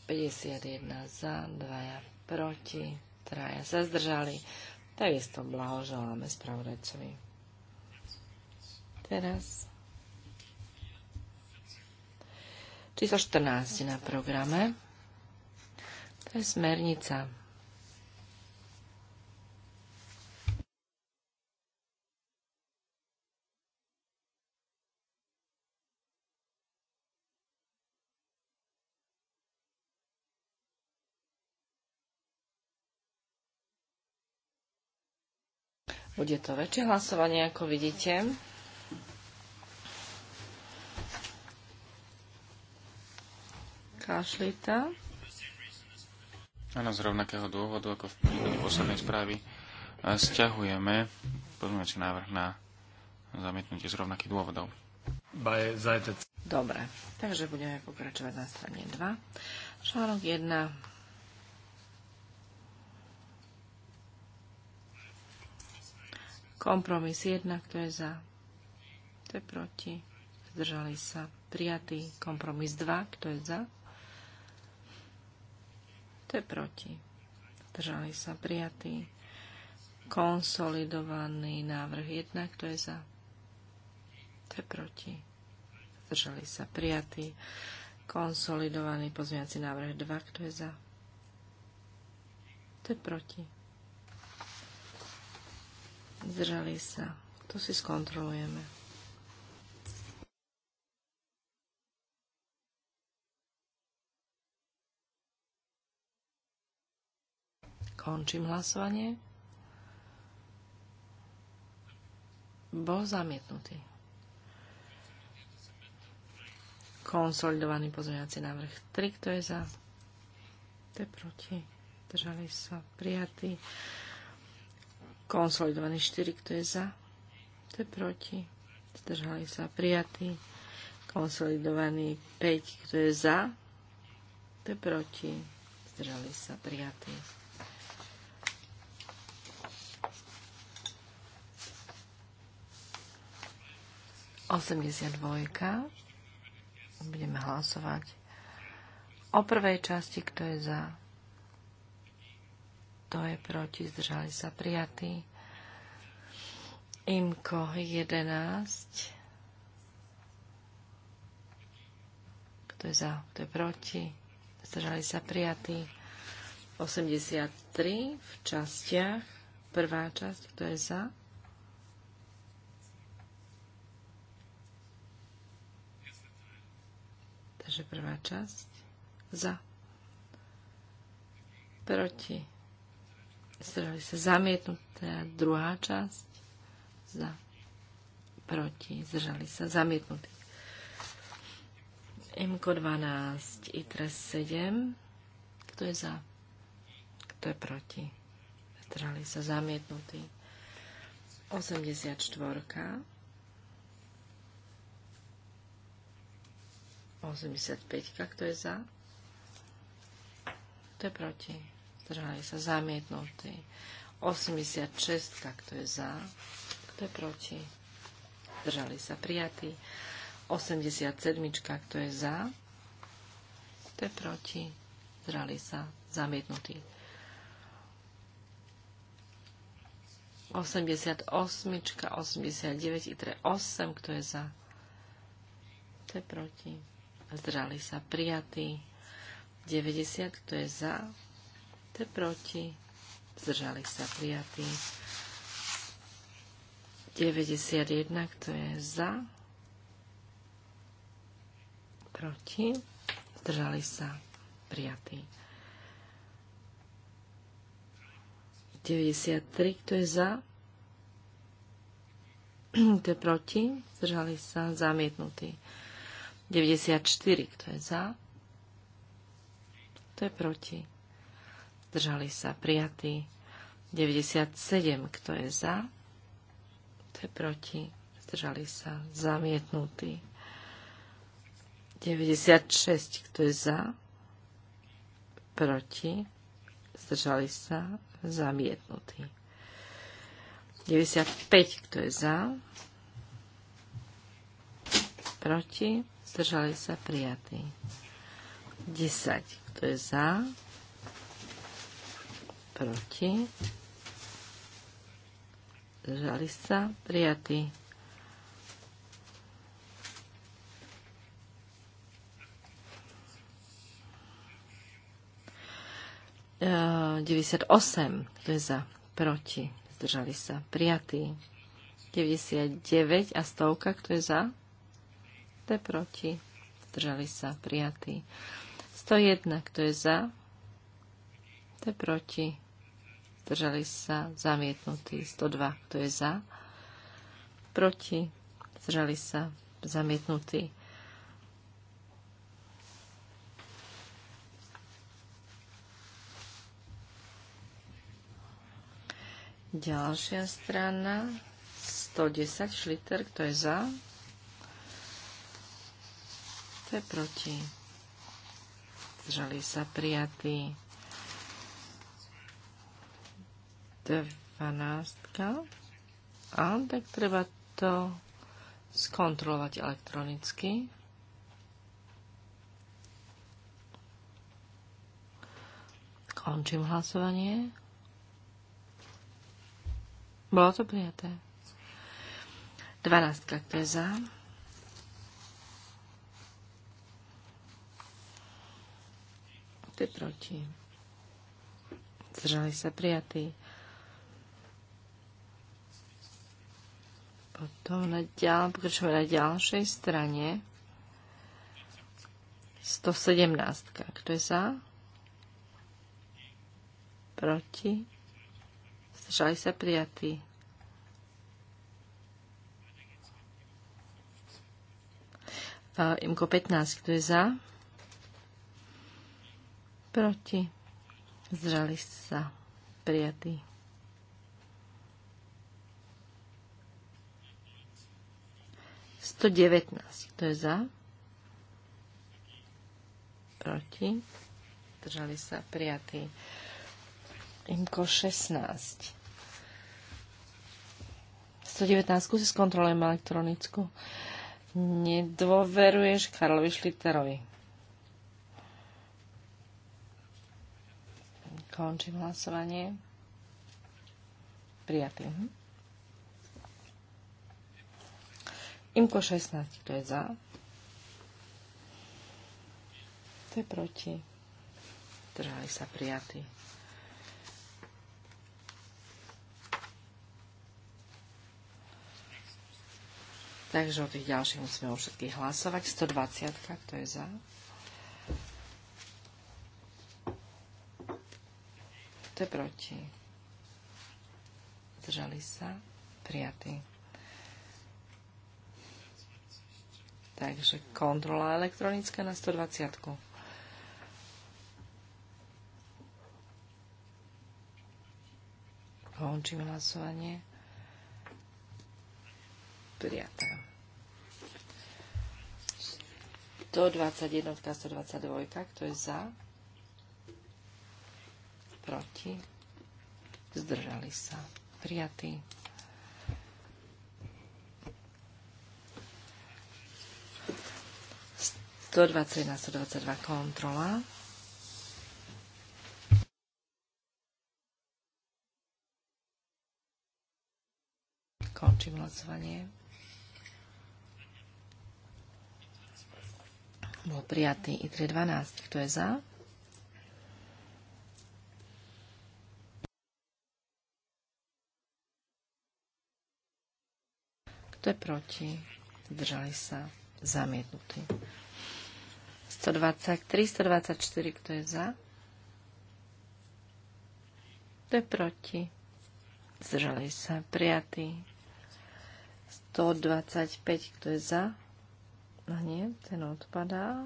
51 za, 2 proti, 3 sa zdržali. Takisto blahoželáme spravodajcovi. Teraz číslo 14 na programe. To je smernica Bude to väčšie hlasovanie, ako vidíte. Kašlita. Áno, z rovnakého dôvodu, ako v prípade poslednej správy, stiahujeme pozmeňujúci návrh na zamietnutie z rovnakých dôvodov. Dobre, takže budeme pokračovať na strane 2. Článok 1 Kompromis 1, kto je za, kto je proti, zdržali sa. Prijatý kompromis 2, kto je za, kto je proti, zdržali sa. Prijatý konsolidovaný návrh 1, kto je za, kto je proti, zdržali sa. Prijatý konsolidovaný pozmeňací návrh 2, kto je za, kto je proti zdržali sa. To si skontrolujeme. Končím hlasovanie. Bol zamietnutý. Konsolidovaný pozmeňovací návrh 3, kto je za? To je proti. Držali sa prijatí. Konsolidovaný 4, kto je za? Kto je proti? Zdržali sa prijatí. Konsolidovaný 5, kto je za? Kto je proti? Zdržali sa prijatí. Osemdesiat dvojka. Budeme hlasovať o prvej časti, kto je za, kto je proti, zdržali sa prijatí. Imko 11. Kto je za, kto je proti, zdržali sa prijatí. 83 v častiach. Prvá časť, kto je za, Takže prvá časť. Za. Proti zdržali sa zamietnuté, druhá časť za, proti, zdržali sa zamietnutí. MK 12, ITRES 7, kto je za, kto je proti, zdržali sa zamietnutí. 84, 85, kto je za? Kto je proti? zdržali sa zamietnutí. 86, kto je za, kto je proti, zdržali sa prijatí. 87, kto je za, kto je proti, zdržali sa zamietnutí. 88, 89, i itre 8, kto je za, kto je proti, zdržali sa prijatí. 90, kto je za, te proti. Zdržali sa prijatí. 91, kto je za. Proti. Zdržali sa prijatí. 93, *clears throat* kto je za. Kto je proti. Zdržali sa zamietnutí. 94, kto je za. Kto je proti zdržali sa prijatí. 97, kto je za, kto je proti, zdržali sa zamietnutí. 96, kto je za, proti, zdržali sa zamietnutí. 95, kto je za, proti, zdržali sa prijatí. 10, kto je za, proti, zdržali sa, prijatý. Uh, e, 98, kto je za, proti, zdržali sa, prijatý. 99 a stovka, kto je za, To je proti, zdržali sa, prijatý. 101, kto je za, kto je proti, zdržali sa, zamietnutý. 102, kto je za, proti, zdržali sa, zamietnutí. Ďalšia strana, 110 šliter, kto je za? Kto je proti? Zdržali sa prijatí. dvanáctka. A tak treba to skontrolovať elektronicky. Končím hlasovanie. Bolo to prijaté. 12. Kto je za? Kto je proti? Zdržali sa prijatí. Potom na ďal, pokračujeme na ďalšej strane. 117. Kto je za? Proti? Zdržali sa prijatí. Imko 15. Kto je za? Proti? Zdržali sa prijatí. 119. Kto je za? Proti? Držali sa prijatí. Imko 16. 119 Skúsi skontrolujem elektronickú. Nedôveruješ Karlovi Šliterovi. Končím hlasovanie. Prijatý. Mhm. Imko 16, kto je za? Kto je proti? Držali sa prijatí. Takže o tých ďalších musíme o všetkých hlasovať. 120, kto je za? Kto je proti? Držali sa? Prijatí. Takže kontrola elektronická na 120. -ku. Končím hlasovanie. Prijatá. 121, 122, kto je za? Proti? Zdržali sa. Prijatý. 121, 122 kontrola. Končím hlasovanie. Bol prijatý i 312. Kto je za? Kto je proti? Zdržali sa zamietnutí. 123, 124, kto je za? Kto je proti? Zdržali sa. Prijatý. 125, kto je za? No nie, ten odpadá.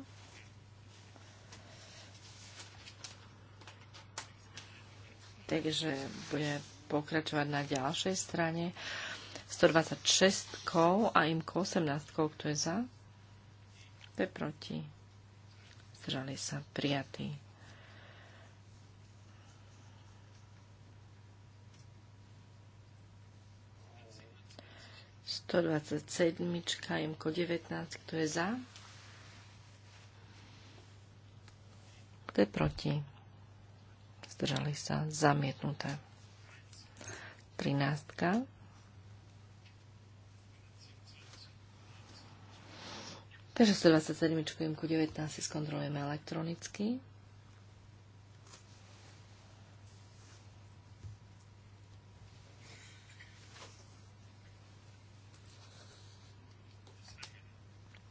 Takže bude pokračovať na ďalšej strane. 126 a imko 18, kto je za? Kto je proti zdržali sa prijatí. Sto dvadsať sedmička, jemko 19, kto je za? Kto je proti? Zdržali sa zamietnuté. Trináctka. Takže 127 ku 19 si skontrolujeme elektronicky.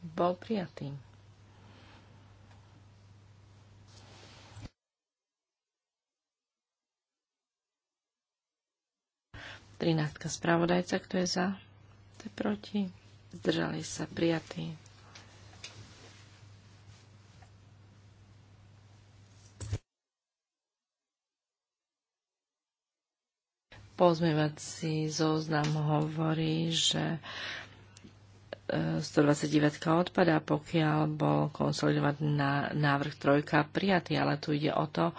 Bol prijatý. Trináctka spravodajca, kto je za, kto je proti. Zdržali sa prijatí. Pozmievací zoznam hovorí, že 129 e, odpadá, pokiaľ bol konsolidovaný návrh trojka prijatý, ale tu ide o to,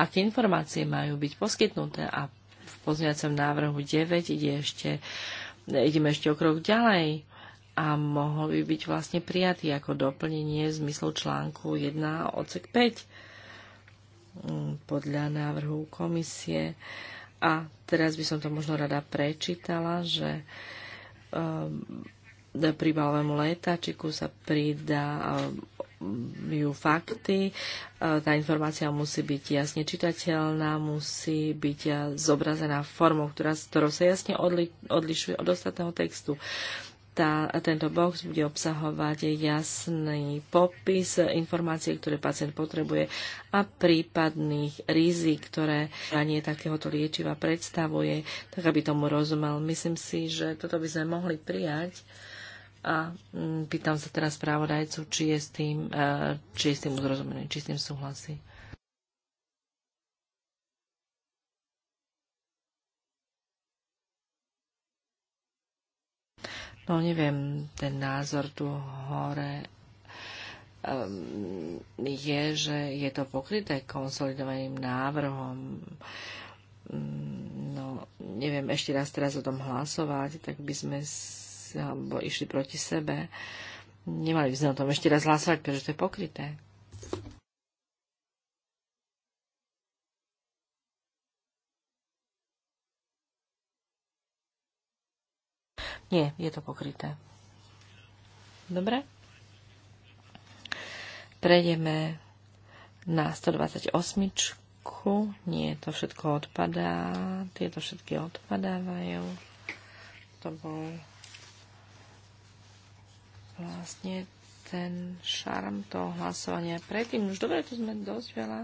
aké informácie majú byť poskytnuté a v pozmiacom návrhu 9 ide ešte, ideme ešte o krok ďalej a mohol by byť vlastne prijatý ako doplnenie v zmyslu článku 1 odsek 5 mm, podľa návrhu komisie. A teraz by som to možno rada prečítala, že um, pri balovému letačiku sa pridá ehm, ju fakty. E, tá informácia musí byť jasne čitateľná, musí byť e, zobrazená formou, ktorá, ktorou sa jasne odli, odlišuje od ostatného textu tá, tento box bude obsahovať jasný popis informácií, ktoré pacient potrebuje a prípadných rizik, nie takéhoto liečiva predstavuje, tak aby tomu rozumel. Myslím si, že toto by sme mohli prijať a mm, pýtam sa teraz správodajcu, či je s tým, e, či je s tým uzrozumený, či s tým súhlasí. No neviem, ten názor tu hore um, je, že je to pokryté konsolidovaným návrhom. Um, no, neviem, ešte raz teraz o tom hlasovať, tak by sme s, alebo išli proti sebe. Nemali by sme o tom ešte raz hlasovať, pretože to je pokryté. Nie, je to pokryté. Dobre? Prejdeme na 128. Nie, to všetko odpadá. Tieto všetky odpadávajú. To bol vlastne ten šarm toho hlasovania. Predtým už dobre, tu sme dosť veľa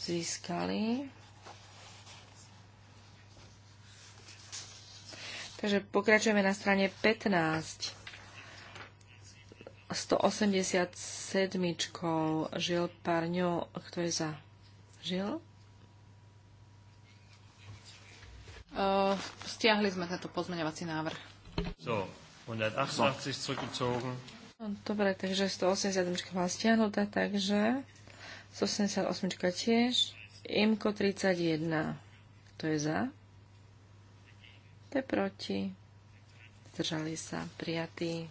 získali. Takže pokračujeme na strane 15. 187. Žil Parňo, kto je za? Žil? Uh, stiahli sme tento pozmeňovací návrh. So, 188 zurückgezogen. No, dobre, takže 187 má stiahnutá, takže 188 tiež. Imko 31. To je za. To je proti. Zdržali sa prijatí.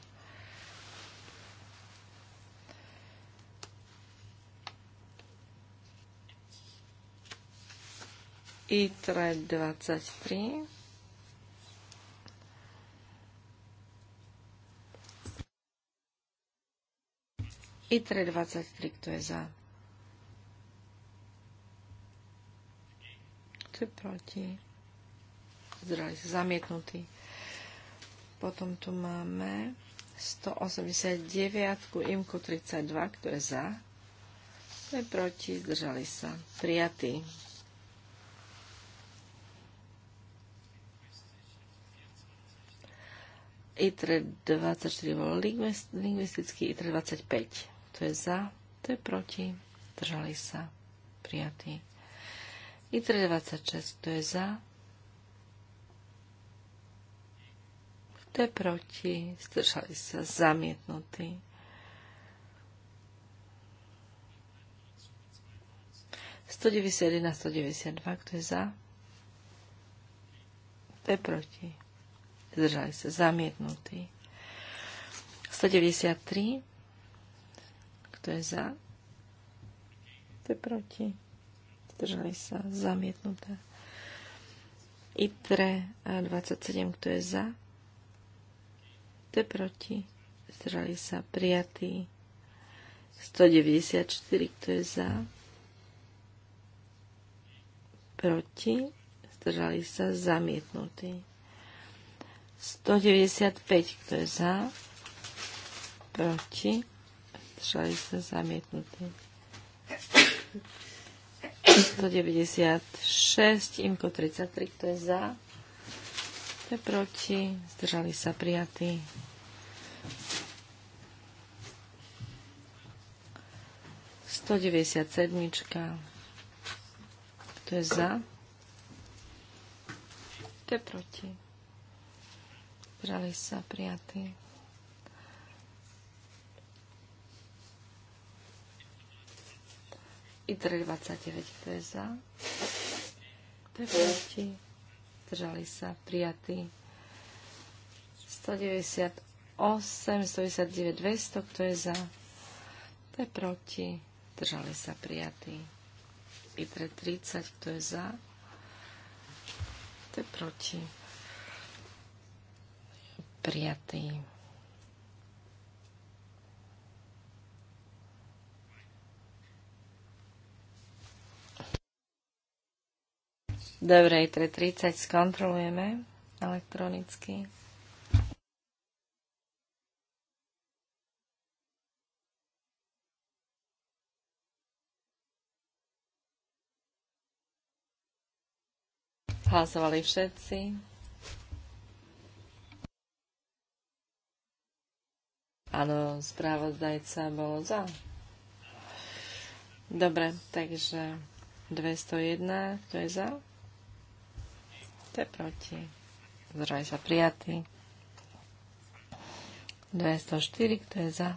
ITRE 23. ITRE 23, kto je za? Kto je proti? zdržali sa zamietnutí. Potom tu máme 189, imku 32, kto je za, kto je proti, zdržali sa prijatý. Itr 24 bol lingvistický, itr 25 to je za, to je proti, držali sa, Prijatý. ITRE 26, to je za, to je proti, zdržali sa zamietnutí. Sto deväťdesiat kto je za? To je proti. Zdržali sa zamietnutí. 193. Kto je za? To je proti. Zdržali sa zamietnuté. ITRE 27. Kto je za? te je proti, Zdrali sa prijatí. 194, kto je za, proti, Zdrali sa zamietnutí. 195, kto je za, proti, Zdrali sa zamietnutí. 196, imko 33, kto je za, kto je proti? Zdržali sa prijatí. Sto deväťdesiat sedmička. Kto je za? Kto je proti? Zdržali sa prijatí. 3,29, to je za. To je proti zdržali sa, prijatí. 198, 199, 200, kto je za, to je proti, zdržali sa, prijatí. pre 30, kto je za, kto je proti, prijatí. Dobre, 30 skontrolujeme elektronicky. Hlasovali všetci. Áno, správodajca bolo za. Dobre, takže 201, kto je za? To je proti. Zdraví sa prijatý. 204, kto je za?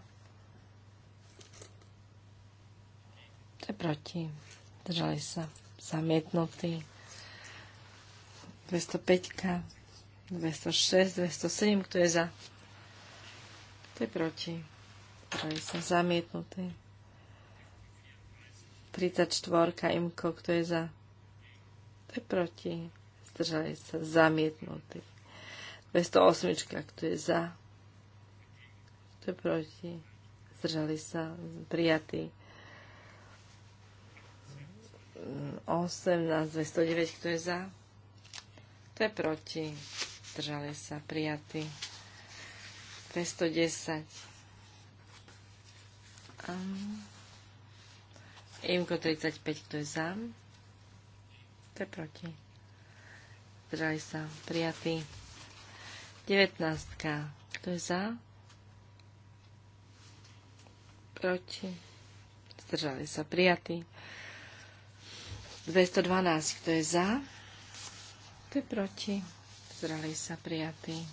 To je proti. Zdržali sa Zamietnutý. 205, 206, 207, kto je za? To je proti. Zdržali sa Zamietnutý. 34, imko, kto je za? To je proti zdržali sa zamietnutí. 208, kto je za, kto je proti, zdržali sa prijatí. 18, 209, kto je za, kto je proti, zdržali sa prijatí. 210. Imko 35, kto je za? To je proti zdržali sa, prijatí. 19. Kto je za? Proti. Zdržali sa, prijatí. 212. Kto je za? Kto je proti? Zdržali sa, prijatí.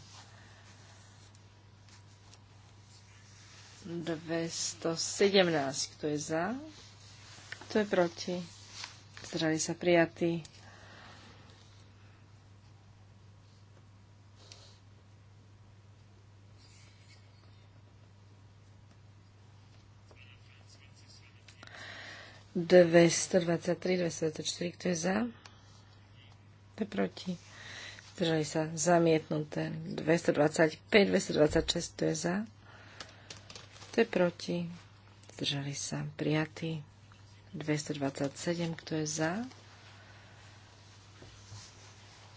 217. Kto je za? Kto je proti? Zdržali sa prijatí. 223, 224, kto je za? Kto je proti? Zdržali sa zamietnuté. 225, 226, kto je za? Kto je proti? Zdržali sa prijatí. 227, kto je za?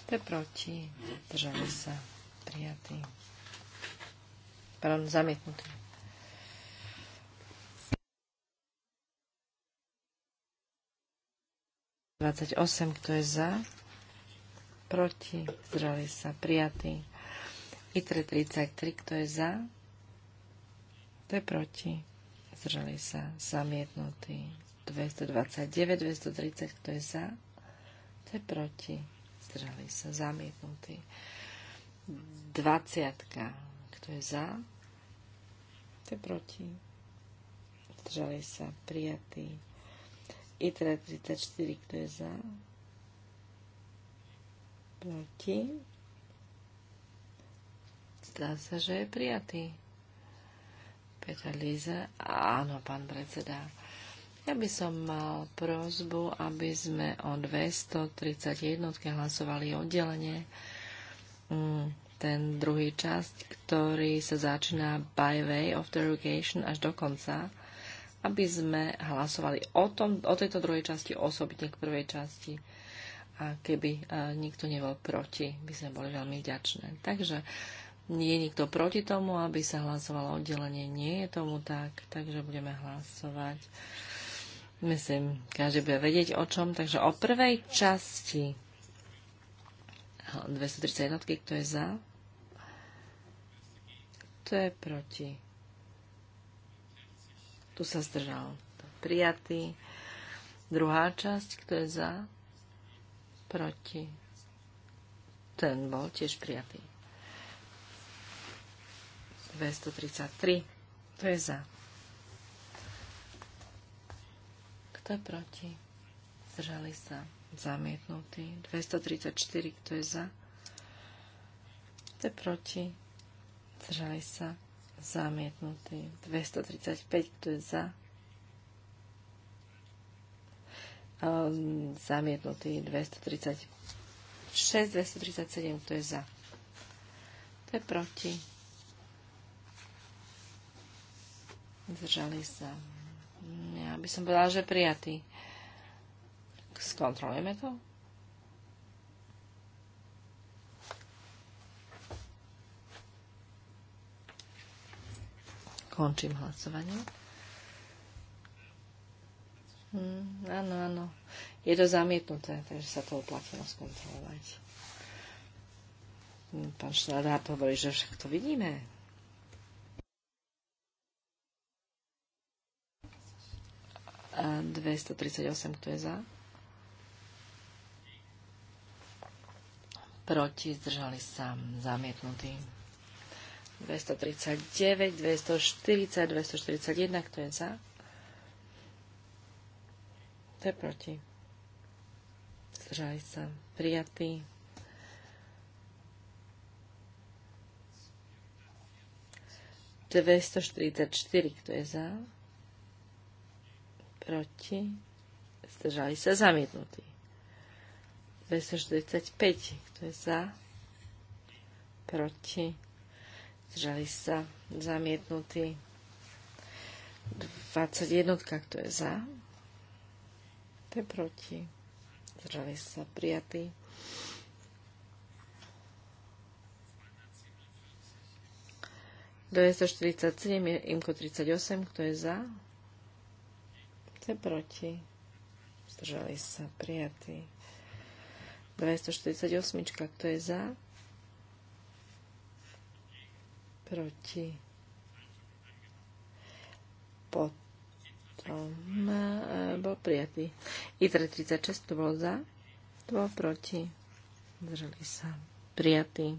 Kto je proti? Zdržali sa prijatí. Pardon, zamietnutí. 28, kto je za, proti, zdrali sa, prijatý. ITRE 33, kto je za, kto je proti, zdrali sa, zamietnutý. 229, 230, kto je za, kto je proti, zdrali sa, zamietnutý. 20, kto je za, kto je proti, zdrali sa, prijatý. I teda 34, kto je za? Proti? Zdá sa, že je prijatý. Petra Líza. Áno, pán predseda. Ja by som mal prozbu, aby sme o 231 hlasovali oddelenie. Mm, ten druhý časť, ktorý sa začína by way of derogation až do konca aby sme hlasovali o, tom, o tejto druhej časti osobitne k prvej časti. A keby e, nikto nebol proti, by sme boli veľmi vďačné. Takže nie je nikto proti tomu, aby sa hlasovalo oddelenie. Nie je tomu tak, takže budeme hlasovať. Myslím, každý bude vedieť o čom. Takže o prvej časti 231, kto je za? Kto je proti? Tu sa zdržal. Prijatý. Druhá časť, kto je za? Proti. Ten bol tiež prijatý. 233. Kto je za? Kto je proti? Zdržali sa. Zamietnutý. 234. Kto je za? Kto je proti? Zdržali sa zamietnutý. 235, kto je za? Ehm, zamietnutý 236, 237, kto je za? Kto je proti? Zdržali sa. Ja by som povedala, že prijatý. Skontrolujeme to? Končím hlasovanie. Mm, áno, áno. Je to zamietnuté, takže sa to uplatilo skontrolovať. Hm, pán to hovorí, že však to vidíme. A 238, kto je za? Proti, zdržali sa zamietnutým. 239, 240, 241, kto je za? Kto je proti? Zdržali sa. Prijatý. Dvestoštyridsaťštyri, kto je za? Proti. Zdržali sa. zamietnutí. 245, kto je za? Proti zdržali sa, zamietnutí. 21, kto je za, to je proti, zdržali sa, prijatí. 247, imko 38, kto je za? To je proti? Zdržali sa, prijatí. 248, kto je za? proti. Potom e, bol prijatý. I 36 to bol za, to bol proti. Zdržali sa. Prijatý.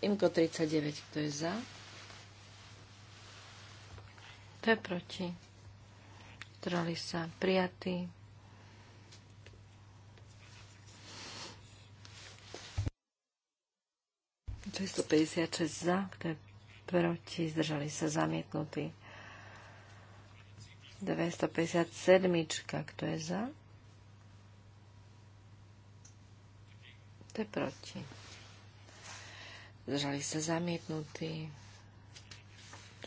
Imko 39, kto je za? To je proti. trali sa. Prijatý. 256 za, kto je proti, zdržali sa zamietnutí. 257, kto je za? Kto je proti? Zdržali sa zamietnutí.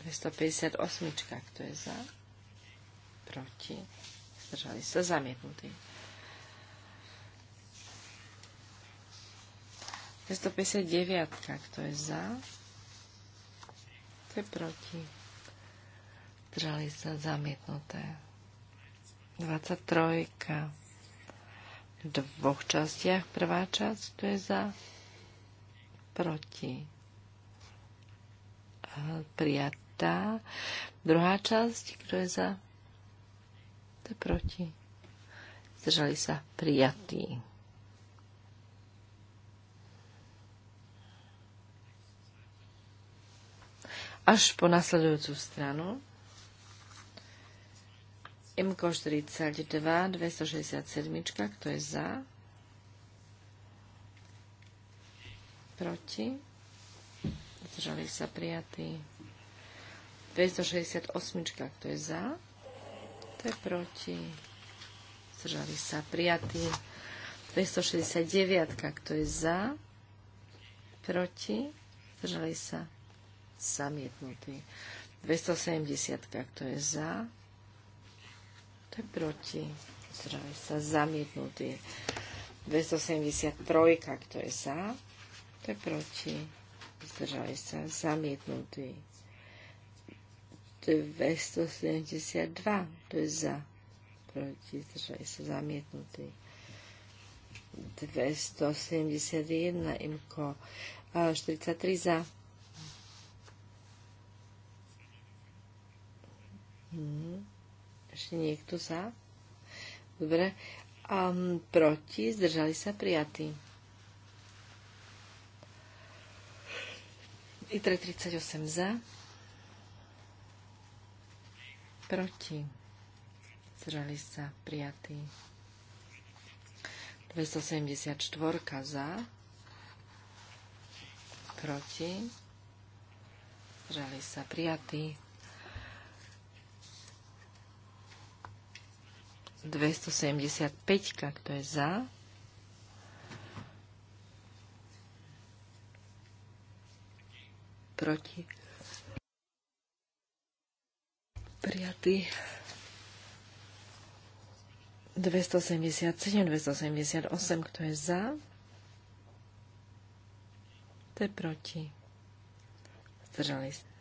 258, kto je za? Proti. Zdržali sa zamietnutí. 259, kto je za, kto je proti. Držali sa zamietnuté. 23. V dvoch častiach. Prvá časť, kto je za, proti. Prijatá. Druhá časť, kto je za, to je proti. Zdržali sa prijatí. až po nasledujúcu stranu. MKO 42, 267, kto je za? Proti? Zdržali sa prijatí. 268, kto je za? To je proti. Zdržali sa prijatí. 269, kto je za? Proti? Zdržali sa zamietnutý. 270, kto je za, to je proti, Zdraví sa, zamietnutý. 273, kto je za, to je proti, Zdraví sa, zamietnutý. 272, to je za, proti, Zdraví sa, zamietnutý. 271, imko, 43 za, Hmm. Ešte niekto za? Dobre. A proti? Zdržali sa prijatí. I 38 za. Proti. Zdržali sa prijatí. 274 za. Proti. Zdržali sa prijatí. 275, kto je za. Proti. Prijatý. 277, 278, kto je za. To je proti. Zdržali ste.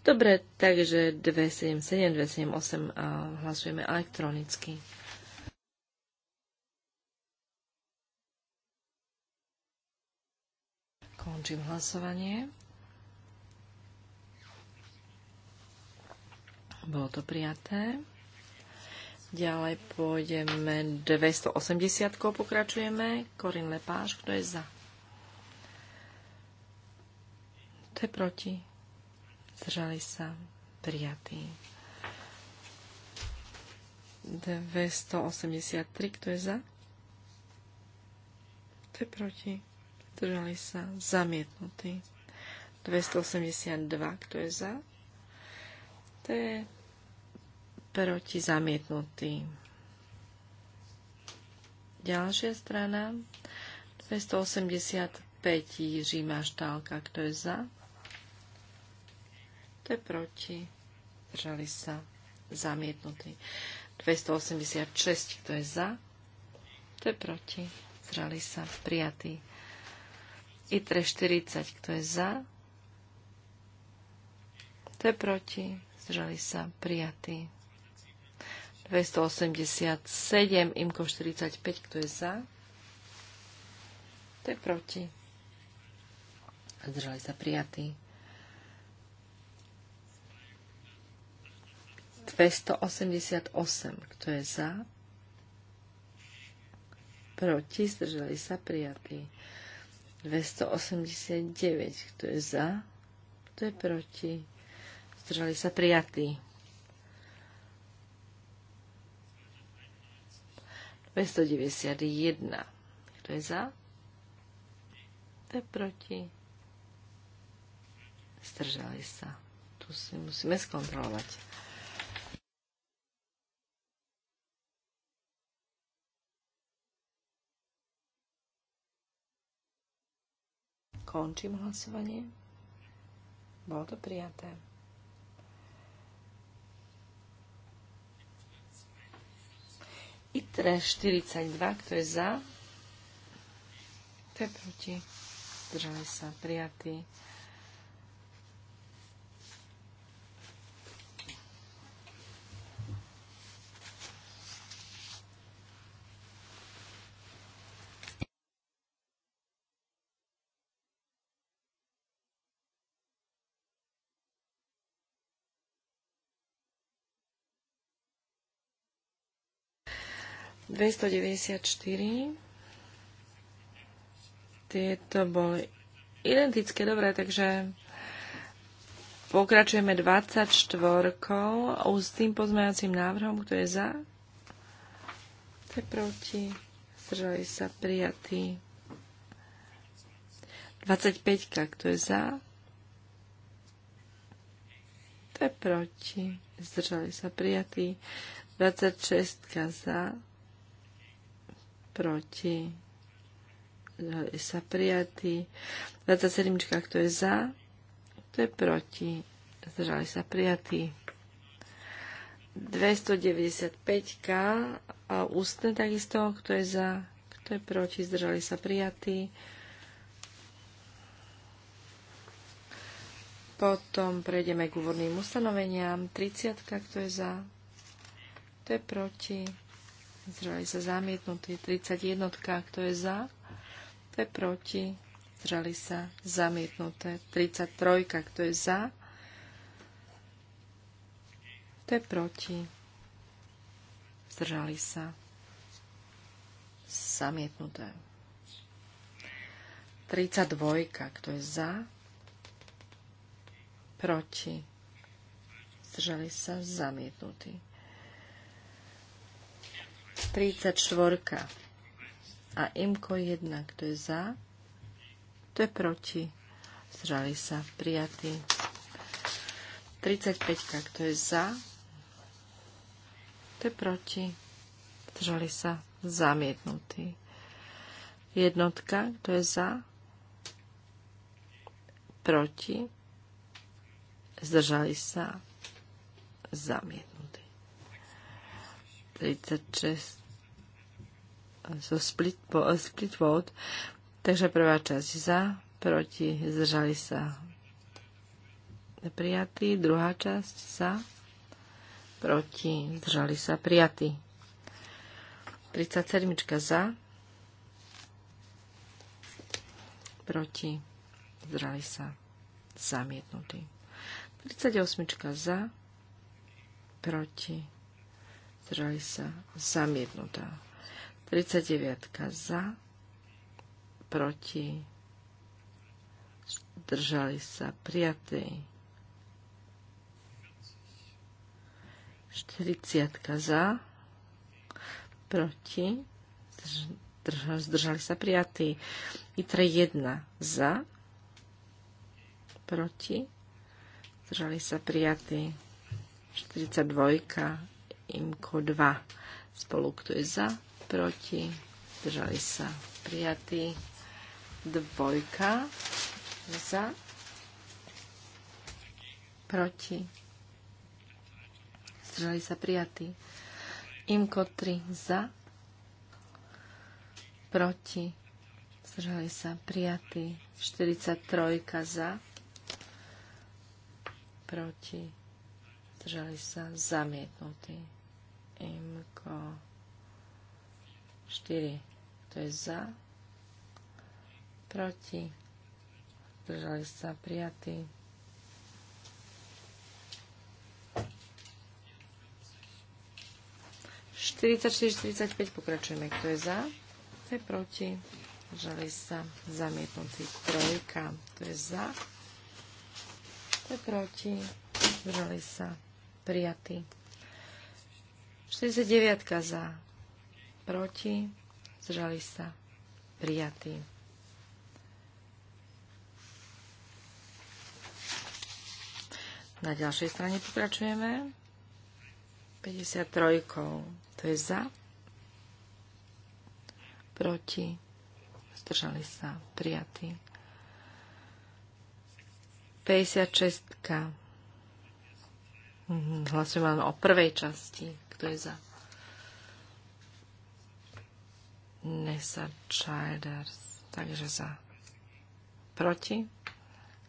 Dobre, takže 277, 278 a hlasujeme elektronicky. Končím hlasovanie. Bolo to prijaté. Ďalej pôjdeme 280, pokračujeme. Korin Lepáš, kto je za? To je proti zdržali sa, prijatý. 283, kto je za? Kto je proti? Zdržali sa, zamietnutí. 282, kto je za? To je proti zamietnutý. Ďalšia strana. 285 Jiří Maštálka, kto je za? Ste proti, zdržali sa, zamietnutý. 286, kto je za, to je proti, zdržali sa, prijatý. ITRE 40, kto je za, to je proti, zdržali sa, prijatý. 287, IMKO 45, kto je za, Kto je proti. Zdržali sa prijatý. 288. Kto je za? Proti? Zdržali sa prijatí. 289. Kto je za? Kto je proti? Zdržali sa prijatí. 291. Kto je za? Kto je proti? Zdržali sa. Tu si musíme skontrolovať. Končím hlasovanie. Bolo to prijaté. ITRE 42, kto je za? Kto je proti? Zdržali sa prijatí. 294. Tieto boli identické, dobre, takže pokračujeme 24 s tým pozmeňovacím návrhom, kto je za, kto je proti, zdržali sa prijatí. 25, kto je za, kto je proti, zdržali sa prijatí. 26 za, proti, sa prijatí. 27, kto je za, kto je proti, zdržali sa prijatí. 295K a ústne takisto, kto je za, kto je proti, zdržali sa prijatý, Potom prejdeme k úvodným ustanoveniam. 30, kto je za, kto je proti, zdržali sa zamietnutí. 31, kto je za, kto je proti, zdržali sa zamietnuté. 33, kto je za, kto je proti, zdržali sa zamietnuté. 32, kto je za, proti, zdržali sa zamietnutí. 34. A imko 1. Kto je za? Kto je proti? Zrali sa. Prijatý. 35. Kto je za? Kto je proti? Zrali sa. Zamietnutý. Jednotka. Kto je za? Proti? Zdržali sa. Zamietnutý. 36 so split, split vote. Takže prvá časť za, proti, zdržali sa prijatí. Druhá časť za, proti, zdržali sa prijatí. 37 za, proti, zdržali sa zamietnutí. 38 za, proti, zdržali sa, zamietnutá. 39 za, proti, zdržali sa, prijatý. 40 za, proti, zdržali, sa, prijatý. ITRE 1 za, proti, zdržali sa, prijatý. 42 IMKO 2 spolu, kto je za, proti, držali sa prijatí, dvojka za, proti, zdržali sa prijatí, IMKO 3 za, proti, zdržali sa prijatí, 43 za, proti, zdržali sa zamietnutí. Imko 4. To je za. Proti. držali sa prijatí. Štyridsať, pokračujeme. Kto je za? Kto je proti? Žali sa zamietnutý. Trojka. Kto je za? Kto je proti? Žali sa prijatí. 49 za, proti, zdržali sa, prijatý. Na ďalšej strane pokračujeme. 53. To je za, proti, zdržali sa, prijatý. 56. Mhm, len o prvej časti. Kto je za? Nessa Childers. Takže za. Proti?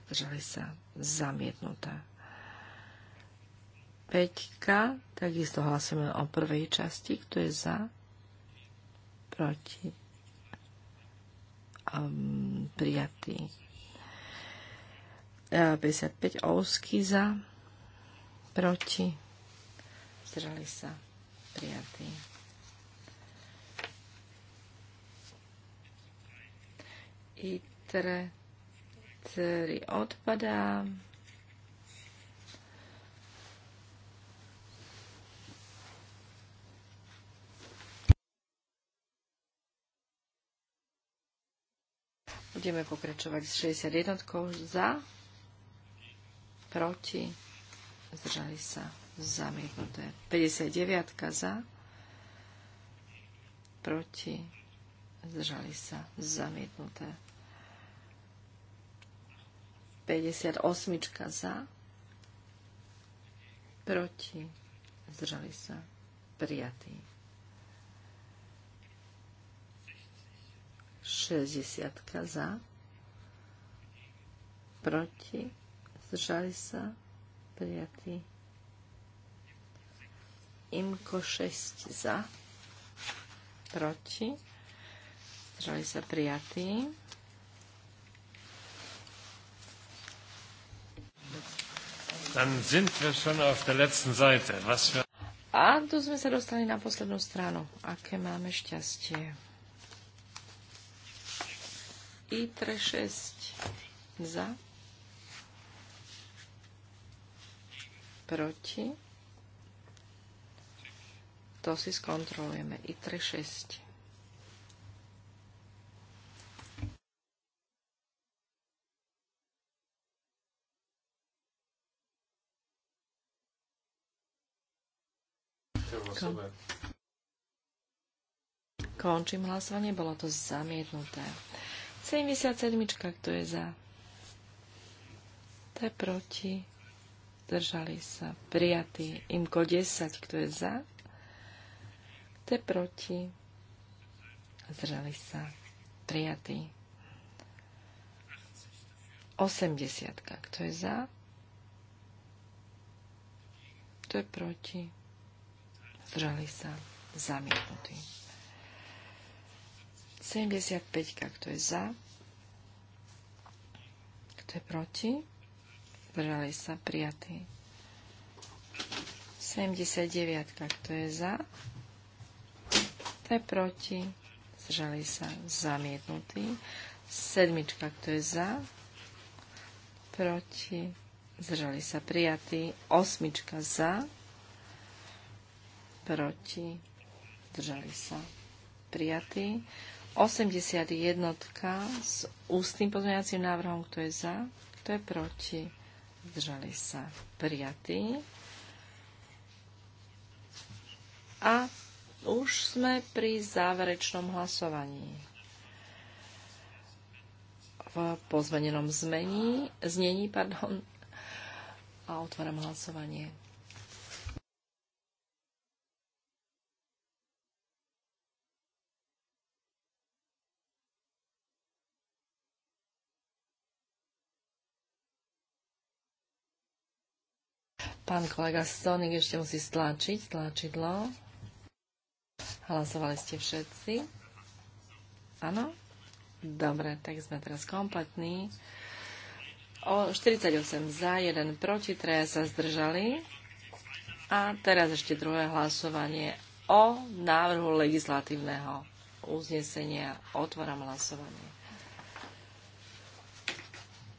Zdržali sa. Zamietnuté. Peťka. Takisto hlasujeme o prvej časti. Kto je za? Proti? Um, prijatý. 55 e, ousky za proti zdržali sa prijatí. ITRE 3 odpadá. Budeme pokračovať s 61 za, proti, zdržali sa zamietnuté. 59 za, proti, zdržali sa, zamietnuté. 58 za, proti, zdržali sa, prijatý. 60 za, proti, zdržali sa, prijatý. Imko 6 za, proti, zdržali sa prijatí. Dann sind wir schon auf der letzten Seite. Was für... A tu sme sa dostali na poslednú stranu. Aké máme šťastie. I3 6 za, proti, to si skontrolujeme. i 3, 6. Končím hlasovanie, bolo to zamietnuté. 77, kto je za? To je proti. Držali sa. Prijatý. Imko 10, kto je za? Kto je proti? Zreli sa. Prijatý. 80. Kto je za? Kto je proti? Zreli sa. Zamietnutý. 75. Kto je za? Kto je proti? Zdržali sa. Prijatý. 79. Kto je za? kto proti, zžali sa zamietnutý, Sedmička, kto je za, proti, zdržali sa prijatí. Osmička za, proti, zžali sa prijatí. 81 s ústnym pozmeňovacím návrhom, kto je za, kto je proti, zdržali sa prijatí. A už sme pri záverečnom hlasovaní. V pozmenenom zmení, znení, pardon, a otváram hlasovanie. Pán kolega Stonik ešte musí stlačiť tlačidlo. Hlasovali ste všetci? Áno? Dobre, tak sme teraz kompletní. O 48 za, 1 proti, 3 sa zdržali. A teraz ešte druhé hlasovanie o návrhu legislatívneho uznesenia. Otváram hlasovanie.